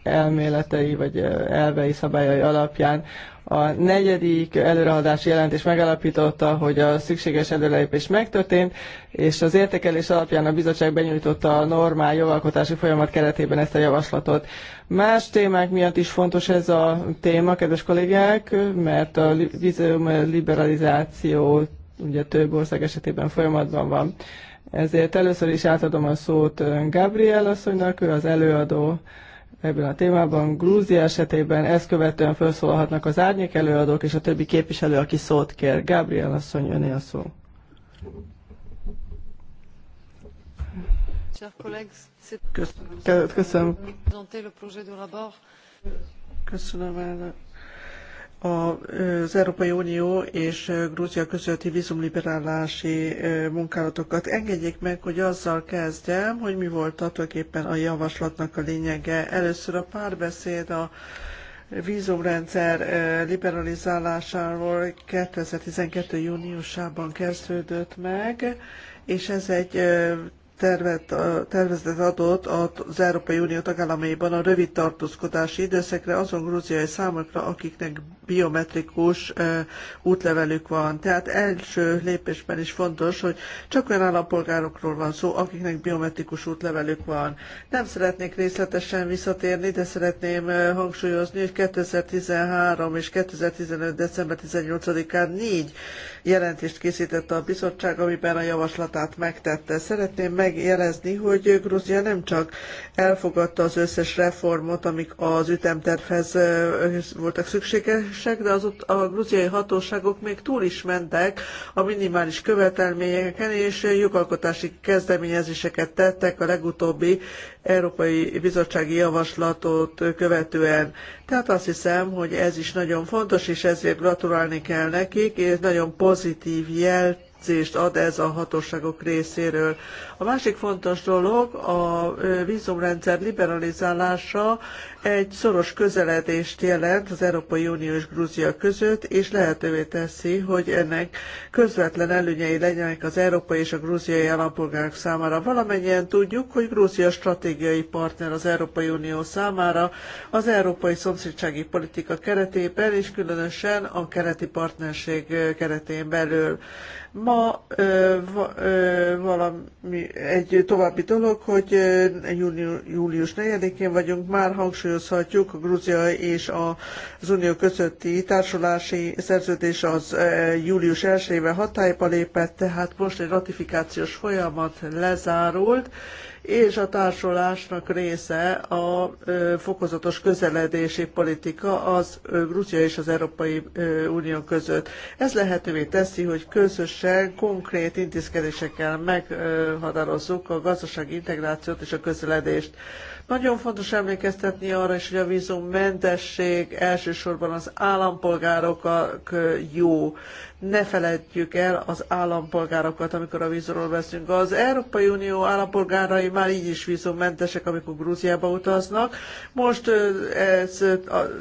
[SPEAKER 4] elméletei vagy elvei szabályai alapján. A negyedik előrehadási jelentés megalapította, hogy a szükséges előrelépés megtörtént, és az értékelés alapján a bizottság benyújtotta a normál jogalkotási folyamat keretében ezt a javaslatot. Más témák miatt is fontos ez a téma, kedves kollégák, mert a vízum liberalizáció ugye több ország esetében folyamatban van. Ezért először is átadom a szót Gabriel asszonynak, ő az előadó ebben a témában. Grúzia esetében ezt követően felszólalhatnak az árnyék előadók és a többi képviselő, aki szót kér. Gabriel asszony, öné a szó.
[SPEAKER 3] Köszönöm. Köszönöm.
[SPEAKER 4] Köszönöm
[SPEAKER 3] az Európai Unió és Grúzia közötti vízumliberálási munkálatokat. Engedjék meg, hogy azzal kezdjem, hogy mi volt tulajdonképpen a javaslatnak a lényege. Először a párbeszéd a vízumrendszer liberalizálásáról 2012. júniusában kezdődött meg, és ez egy tervet, tervezet adott az Európai Unió tagállamaiban a rövid tartózkodási időszakra azon grúziai számokra, akiknek biometrikus útlevelük van. Tehát első lépésben is fontos, hogy csak olyan állampolgárokról van szó, akiknek biometrikus útlevelük van. Nem szeretnék részletesen visszatérni, de szeretném hangsúlyozni, hogy 2013 és 2015. december 18-án négy jelentést készített a bizottság, amiben a javaslatát megtette. Szeretném megjelezni, hogy Grúzia nem csak elfogadta az összes reformot, amik az ütemtervhez voltak szükségesek, de az ott a grúziai hatóságok még túl is mentek a minimális követelményeken, és jogalkotási kezdeményezéseket tettek a legutóbbi Európai Bizottsági Javaslatot követően. Tehát azt hiszem, hogy ez is nagyon fontos, és ezért gratulálni kell nekik, és nagyon pozitív jel jelzést ad ez a hatóságok részéről. A másik fontos dolog a vízumrendszer liberalizálása egy szoros közeledést jelent az Európai Unió és Grúzia között, és lehetővé teszi, hogy ennek közvetlen előnyei legyenek az európai és a grúziai állampolgárok számára. Valamennyien tudjuk, hogy Grúzia stratégiai partner az Európai Unió számára az európai szomszédsági politika keretében, és különösen a kereti partnerség keretén belül. Ma ö, ö, valami, egy további dolog, hogy júni, július 4-én vagyunk, már hangsúlyozhatjuk, a Grúzia és a, az Unió közötti társulási szerződés az ö, július 1-ével hatályba lépett, tehát most egy ratifikációs folyamat lezárult, és a társulásnak része a fokozatos közeledési politika az Grúzia és az Európai Unió között. Ez lehetővé teszi, hogy közösen konkrét intézkedésekkel meghatározzuk a gazdasági integrációt és a közeledést. Nagyon fontos emlékeztetni arra is, hogy a vízummentesség elsősorban az állampolgárokat jó. Ne feledjük el az állampolgárokat, amikor a vízumról veszünk. Az Európai Unió állampolgárai már így is vízummentesek, amikor Grúziába utaznak. Most ez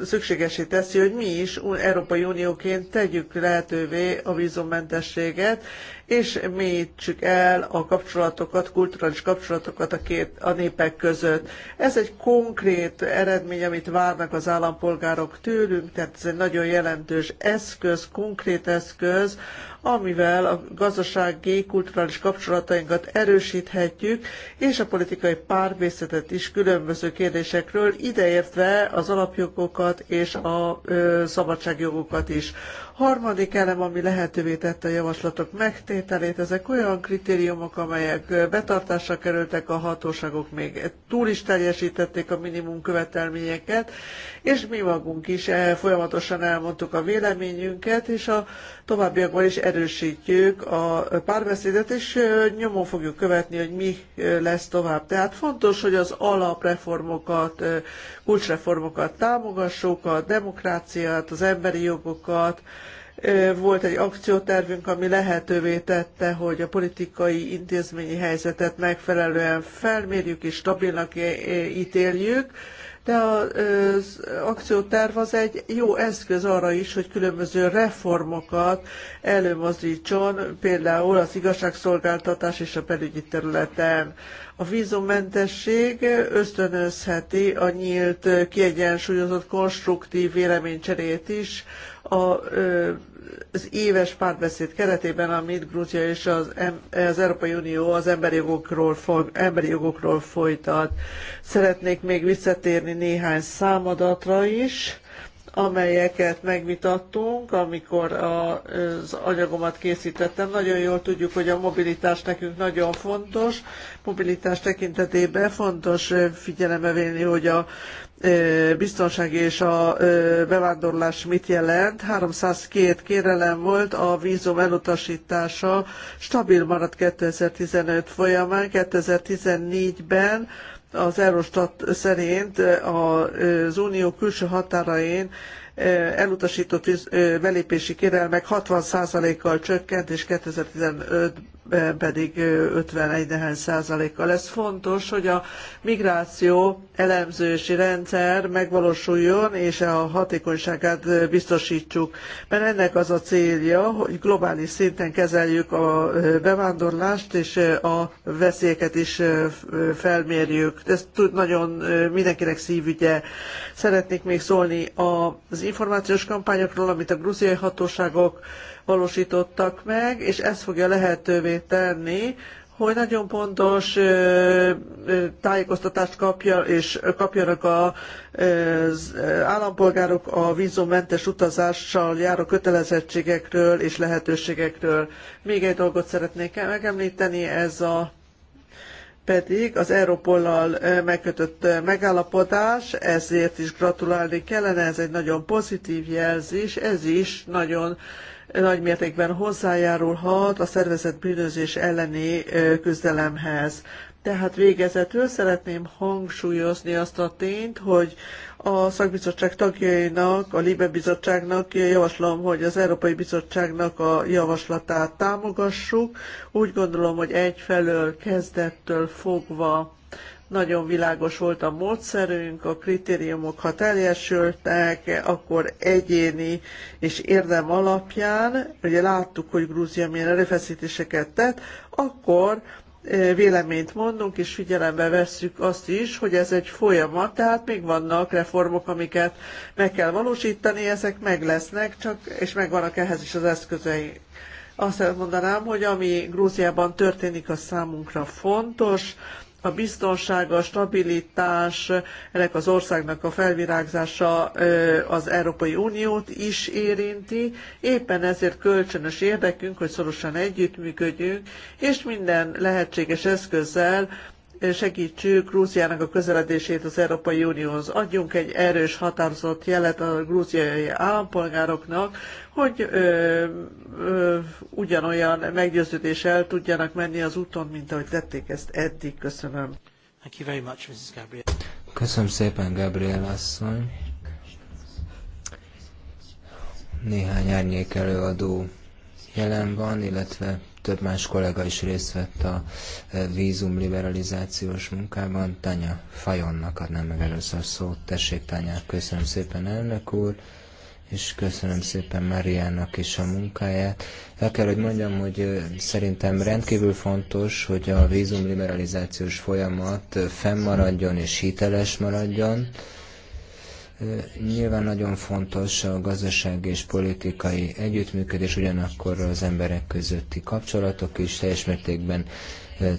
[SPEAKER 3] szükségesé teszi, hogy mi is Európai Unióként tegyük lehetővé a vízummentességet, és mélyítsük el a kapcsolatokat, kulturális kapcsolatokat a, két, a népek között. Ez egy konkrét eredmény, amit várnak az állampolgárok tőlünk, tehát ez egy nagyon jelentős eszköz, konkrét eszköz amivel a gazdasági, kulturális kapcsolatainkat erősíthetjük, és a politikai párbészetet is különböző kérdésekről, ideértve az alapjogokat és a ö, szabadságjogokat is. Harmadik elem, ami lehetővé tette a javaslatok megtételét, ezek olyan kritériumok, amelyek betartásra kerültek, a hatóságok még túl is teljesítették a minimum követelményeket, és mi magunk is eh, folyamatosan elmondtuk a véleményünket, és a továbbiakban is megerősítjük a párbeszédet, és nyomon fogjuk követni, hogy mi lesz tovább. Tehát fontos, hogy az alapreformokat, kulcsreformokat támogassuk, a demokráciát, az emberi jogokat, volt egy akciótervünk, ami lehetővé tette, hogy a politikai intézményi helyzetet megfelelően felmérjük és stabilnak ítéljük, de az akcióterv az egy jó eszköz arra is, hogy különböző reformokat előmozdítson, például az igazságszolgáltatás és a belügyi területen. A vízummentesség ösztönözheti a nyílt, kiegyensúlyozott, konstruktív véleménycserét is a az éves párbeszéd keretében, amit Grúzia és az, az Európai Unió az emberi jogokról, emberi jogokról folytat. Szeretnék még visszatérni néhány számadatra is amelyeket megvitattunk, amikor az anyagomat készítettem. Nagyon jól tudjuk, hogy a mobilitás nekünk nagyon fontos. Mobilitás tekintetében fontos figyelembe venni, hogy a biztonság és a bevándorlás mit jelent. 302 kérelem volt a vízum elutasítása, stabil maradt 2015 folyamán, 2014-ben az Eurostat szerint az unió külső határain elutasított belépési kérelmek 60%-kal csökkent, és 2015 pedig 51 nehány százalékkal. Ez fontos, hogy a migráció elemzési rendszer megvalósuljon, és a hatékonyságát biztosítsuk. Mert ennek az a célja, hogy globális szinten kezeljük a bevándorlást, és a veszélyeket is felmérjük. Ez tud nagyon mindenkinek szívügye. Szeretnék még szólni az információs kampányokról, amit a grúziai hatóságok valósítottak meg, és ez fogja lehetővé tenni, hogy nagyon pontos tájékoztatást kapja, és kapjanak az állampolgárok a vízummentes utazással járó kötelezettségekről és lehetőségekről. Még egy dolgot szeretnék megemlíteni, ez a pedig az Európollal megkötött megállapodás, ezért is gratulálni kellene, ez egy nagyon pozitív jelzés, ez is nagyon nagy mértékben hozzájárulhat a szervezett bűnözés elleni küzdelemhez. Tehát végezetül szeretném hangsúlyozni azt a tényt, hogy a szakbizottság tagjainak, a Libe bizottságnak javaslom, hogy az Európai Bizottságnak a javaslatát támogassuk. Úgy gondolom, hogy egyfelől kezdettől fogva nagyon világos volt a módszerünk, a kritériumok, ha teljesültek, akkor egyéni és érdem alapján, ugye láttuk, hogy Grúzia milyen erőfeszítéseket tett, akkor e, véleményt mondunk, és figyelembe vesszük azt is, hogy ez egy folyamat, tehát még vannak reformok, amiket meg kell valósítani, ezek meg lesznek, csak, és megvannak ehhez is az eszközei. Azt mondanám, hogy ami Grúziában történik, az számunkra fontos, a biztonság, a stabilitás, ennek az országnak a felvirágzása az Európai Uniót is érinti. Éppen ezért kölcsönös érdekünk, hogy szorosan együttműködjünk, és minden lehetséges eszközzel segítsük Grúziának a közeledését az Európai Unióhoz. Adjunk egy erős, határozott jelet a grúziai állampolgároknak, hogy ö, ö, ugyanolyan meggyőződéssel tudjanak menni az úton, mint ahogy tették ezt eddig. Köszönöm. Thank you
[SPEAKER 1] very much, Mrs. Gabriel.
[SPEAKER 2] Köszönöm szépen, Gabriel asszony. Néhány árnyék előadó jelen van, illetve több más kollega is részt vett a e, vízum liberalizációs munkában. Tanya Fajonnak adnám meg először szót. Tessék, Tanya, köszönöm szépen, elnök úr és köszönöm szépen Mariának is a munkáját. El kell, hogy mondjam, hogy e, szerintem rendkívül fontos, hogy a vízumliberalizációs folyamat e, fennmaradjon és hiteles maradjon. Nyilván nagyon fontos a gazdasági és politikai együttműködés, ugyanakkor az emberek közötti kapcsolatok is teljes mértékben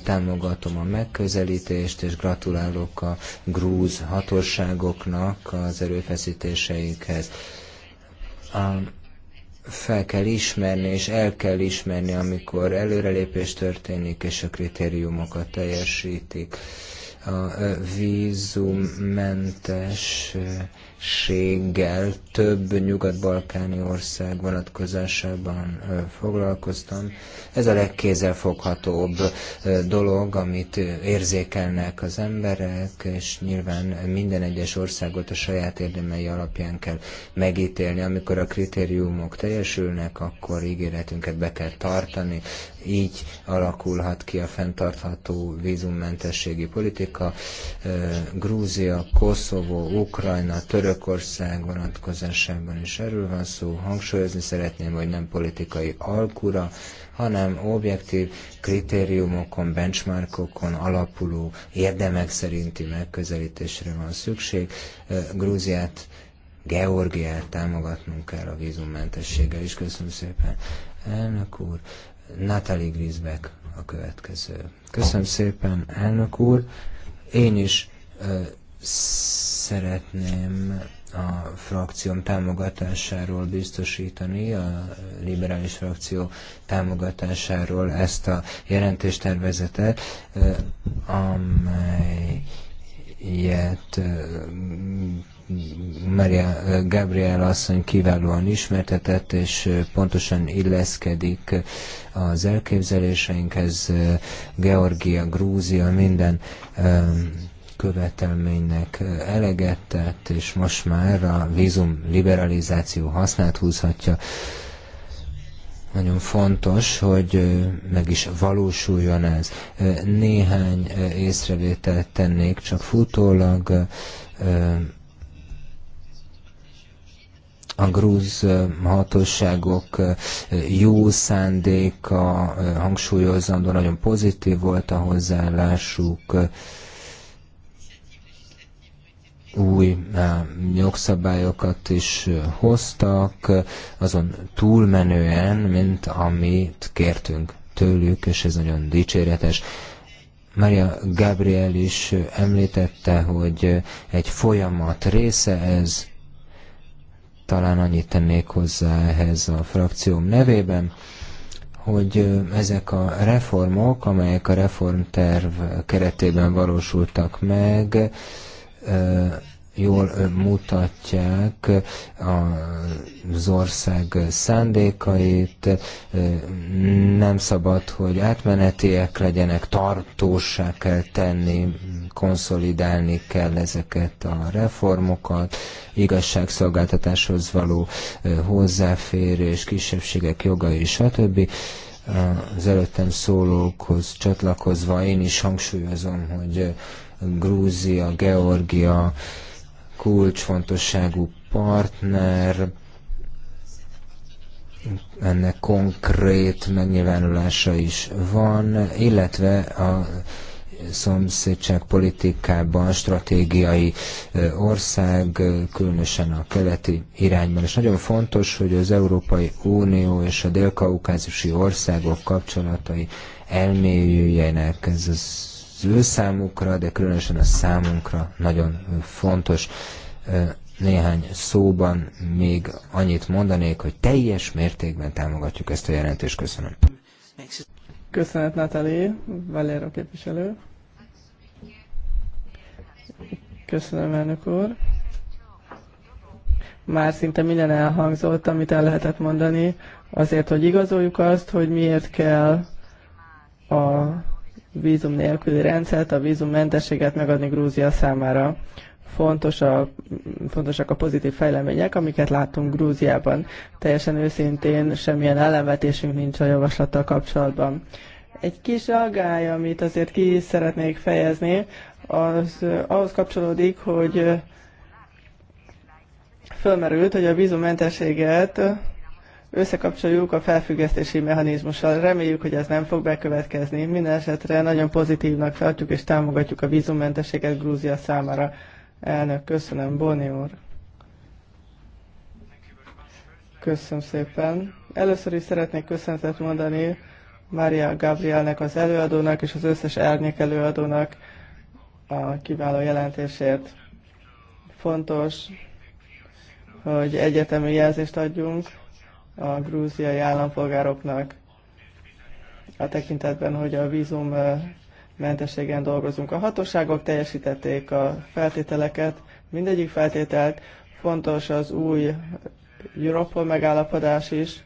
[SPEAKER 2] támogatom a megközelítést, és gratulálok a grúz hatóságoknak az erőfeszítéseikhez. Fel kell ismerni, és el kell ismerni, amikor előrelépés történik, és a kritériumokat teljesítik a vízummentességgel több nyugat-balkáni ország vonatkozásában foglalkoztam. Ez a legkézzelfoghatóbb dolog, amit érzékelnek az emberek, és nyilván minden egyes országot a saját érdemei alapján kell megítélni. Amikor a kritériumok teljesülnek, akkor ígéretünket be kell tartani így alakulhat ki a fenntartható vízummentességi politika. Grúzia, Koszovó, Ukrajna, Törökország vonatkozásában is erről van szó. Hangsúlyozni szeretném, hogy nem politikai alkura, hanem objektív kritériumokon, benchmarkokon alapuló érdemek szerinti megközelítésre van szükség. Grúziát Georgiát támogatnunk kell a vízummentességgel is. Köszönöm szépen. Elnök úr, Natalie Grisbeck a következő. Köszönöm szépen, elnök úr. Én is ö, szeretném a frakcióm támogatásáról biztosítani, a liberális frakció támogatásáról ezt a jelentéstervezetet, amelyet Maria Gabriel asszony kiválóan ismertetett, és pontosan illeszkedik az elképzeléseinkhez. Georgia, Grúzia, minden követelménynek eleget tett, és most már a vízum liberalizáció hasznát húzhatja. Nagyon fontos, hogy meg is valósuljon ez. Néhány észrevételt tennék, csak futólag a grúz hatóságok jó szándéka hangsúlyozandó, nagyon pozitív volt a hozzáállásuk, új jogszabályokat is hoztak, azon túlmenően, mint amit kértünk tőlük, és ez nagyon dicséretes. Maria Gabriel is említette, hogy egy folyamat része ez, talán annyit tennék hozzá ehhez a frakcióm nevében, hogy ezek a reformok, amelyek a reformterv keretében valósultak meg, jól mutatják az ország szándékait, nem szabad, hogy átmenetiek legyenek, tartósá kell tenni, konszolidálni kell ezeket a reformokat, igazságszolgáltatáshoz való hozzáférés, kisebbségek jogai, stb az előttem szólókhoz csatlakozva én is hangsúlyozom, hogy Grúzia, Georgia, kulcsfontosságú partner, ennek konkrét megnyilvánulása is van, illetve a szomszédság politikában stratégiai ország, különösen a keleti irányban. És nagyon fontos, hogy az Európai Unió és a délkaukázusi országok kapcsolatai elmélyüljenek. Ez az ő számukra, de különösen a számunkra nagyon fontos. Néhány szóban még annyit mondanék, hogy teljes mértékben támogatjuk ezt a jelentést. Köszönöm.
[SPEAKER 4] Köszönet, Natali, Valero képviselő. Köszönöm, elnök úr. Már szinte minden elhangzott, amit el lehetett mondani, azért, hogy igazoljuk azt, hogy miért kell a vízum nélküli rendszert, a vízummentességet megadni Grúzia számára. Fontos a, fontosak a pozitív fejlemények, amiket látunk Grúziában. Teljesen őszintén semmilyen ellenvetésünk nincs a javaslattal kapcsolatban. Egy kis aggály, amit azért ki szeretnék fejezni, az ahhoz kapcsolódik, hogy fölmerült, hogy a vízummentességet összekapcsoljuk a felfüggesztési mechanizmussal. Reméljük, hogy ez nem fog bekövetkezni. Minden esetre nagyon pozitívnak tartjuk és támogatjuk a vízummentességet Grúzia számára. Elnök, köszönöm, Boni úr. Köszönöm szépen. Először is szeretnék köszönetet mondani Mária Gabrielnek, az előadónak és az összes árnyék előadónak a kiváló jelentésért. Fontos, hogy egyetemi jelzést adjunk a grúziai állampolgároknak a tekintetben, hogy a vízum mentességen dolgozunk. A hatóságok teljesítették a feltételeket, mindegyik feltételt, fontos az új Europol megállapodás is.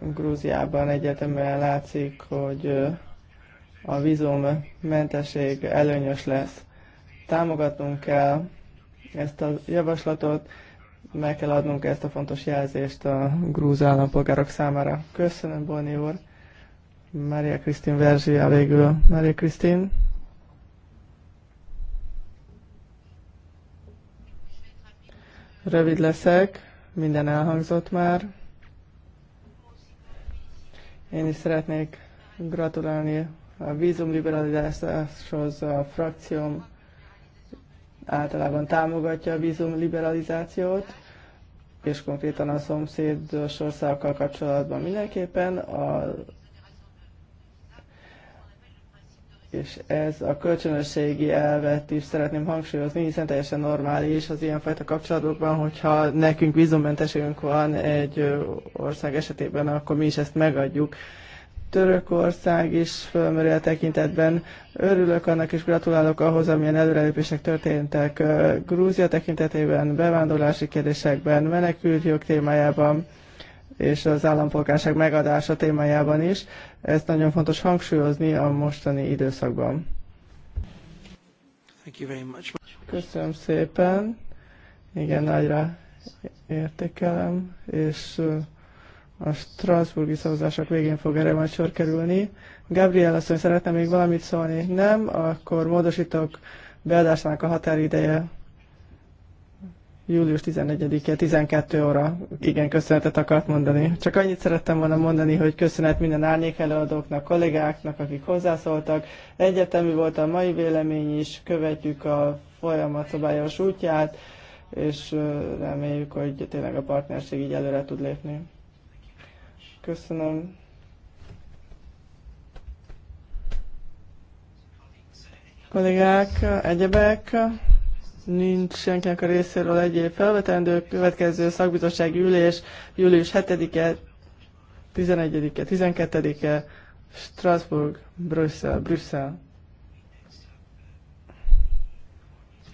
[SPEAKER 4] Grúziában egyetemben látszik, hogy a mentesség előnyös lesz. Támogatnunk kell ezt a javaslatot, meg kell adnunk ezt a fontos jelzést a grúz állampolgárok számára. Köszönöm, Bonnyi úr. Maria Krisztin Verzsia végül. Maria Krisztin. Rövid leszek, minden elhangzott már. Én is szeretnék gratulálni a vízumliberalizáláshoz a frakcióm általában támogatja a vízum liberalizációt, és konkrétan a szomszédos országokkal kapcsolatban mindenképpen, a, és ez a kölcsönösségi elvet is szeretném hangsúlyozni, hiszen teljesen normális az ilyenfajta kapcsolatokban, hogyha nekünk vízummentességünk van egy ország esetében, akkor mi is ezt megadjuk Törökország is fölmerül a tekintetben. Örülök annak és gratulálok ahhoz, amilyen előrelépések történtek Grúzia tekintetében, bevándorlási kérdésekben, menekültjog témájában és az állampolgárság megadása témájában is. Ezt nagyon fontos hangsúlyozni a mostani időszakban. Köszönöm szépen. Igen, nagyra értékelem, és a Strasburgi szavazások végén fog erre majd sor kerülni. Gabriel asszony szeretne még valamit szólni? Nem, akkor módosítok beadásának a határideje július 14-e, 12 óra. Igen, köszönetet akart mondani. Csak annyit szerettem volna mondani, hogy köszönet minden árnyék előadóknak, kollégáknak, akik hozzászóltak. Egyetemű volt a mai vélemény is, követjük a folyamat szabályos útját, és reméljük, hogy tényleg a partnerség így előre tud lépni. Köszönöm. Kollégák, egyebek, nincs senkinek a részéről egyéb felvetendő. Következő szakbizottsági ülés július 7-e, 11-e, 12-e, Strasbourg, Brüsszel, Brüsszel.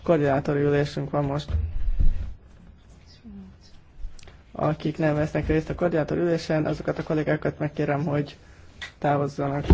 [SPEAKER 4] Koordinátori ülésünk van most akik nem vesznek részt a koordinátor ülésen, azokat a kollégákat megkérem, hogy távozzanak.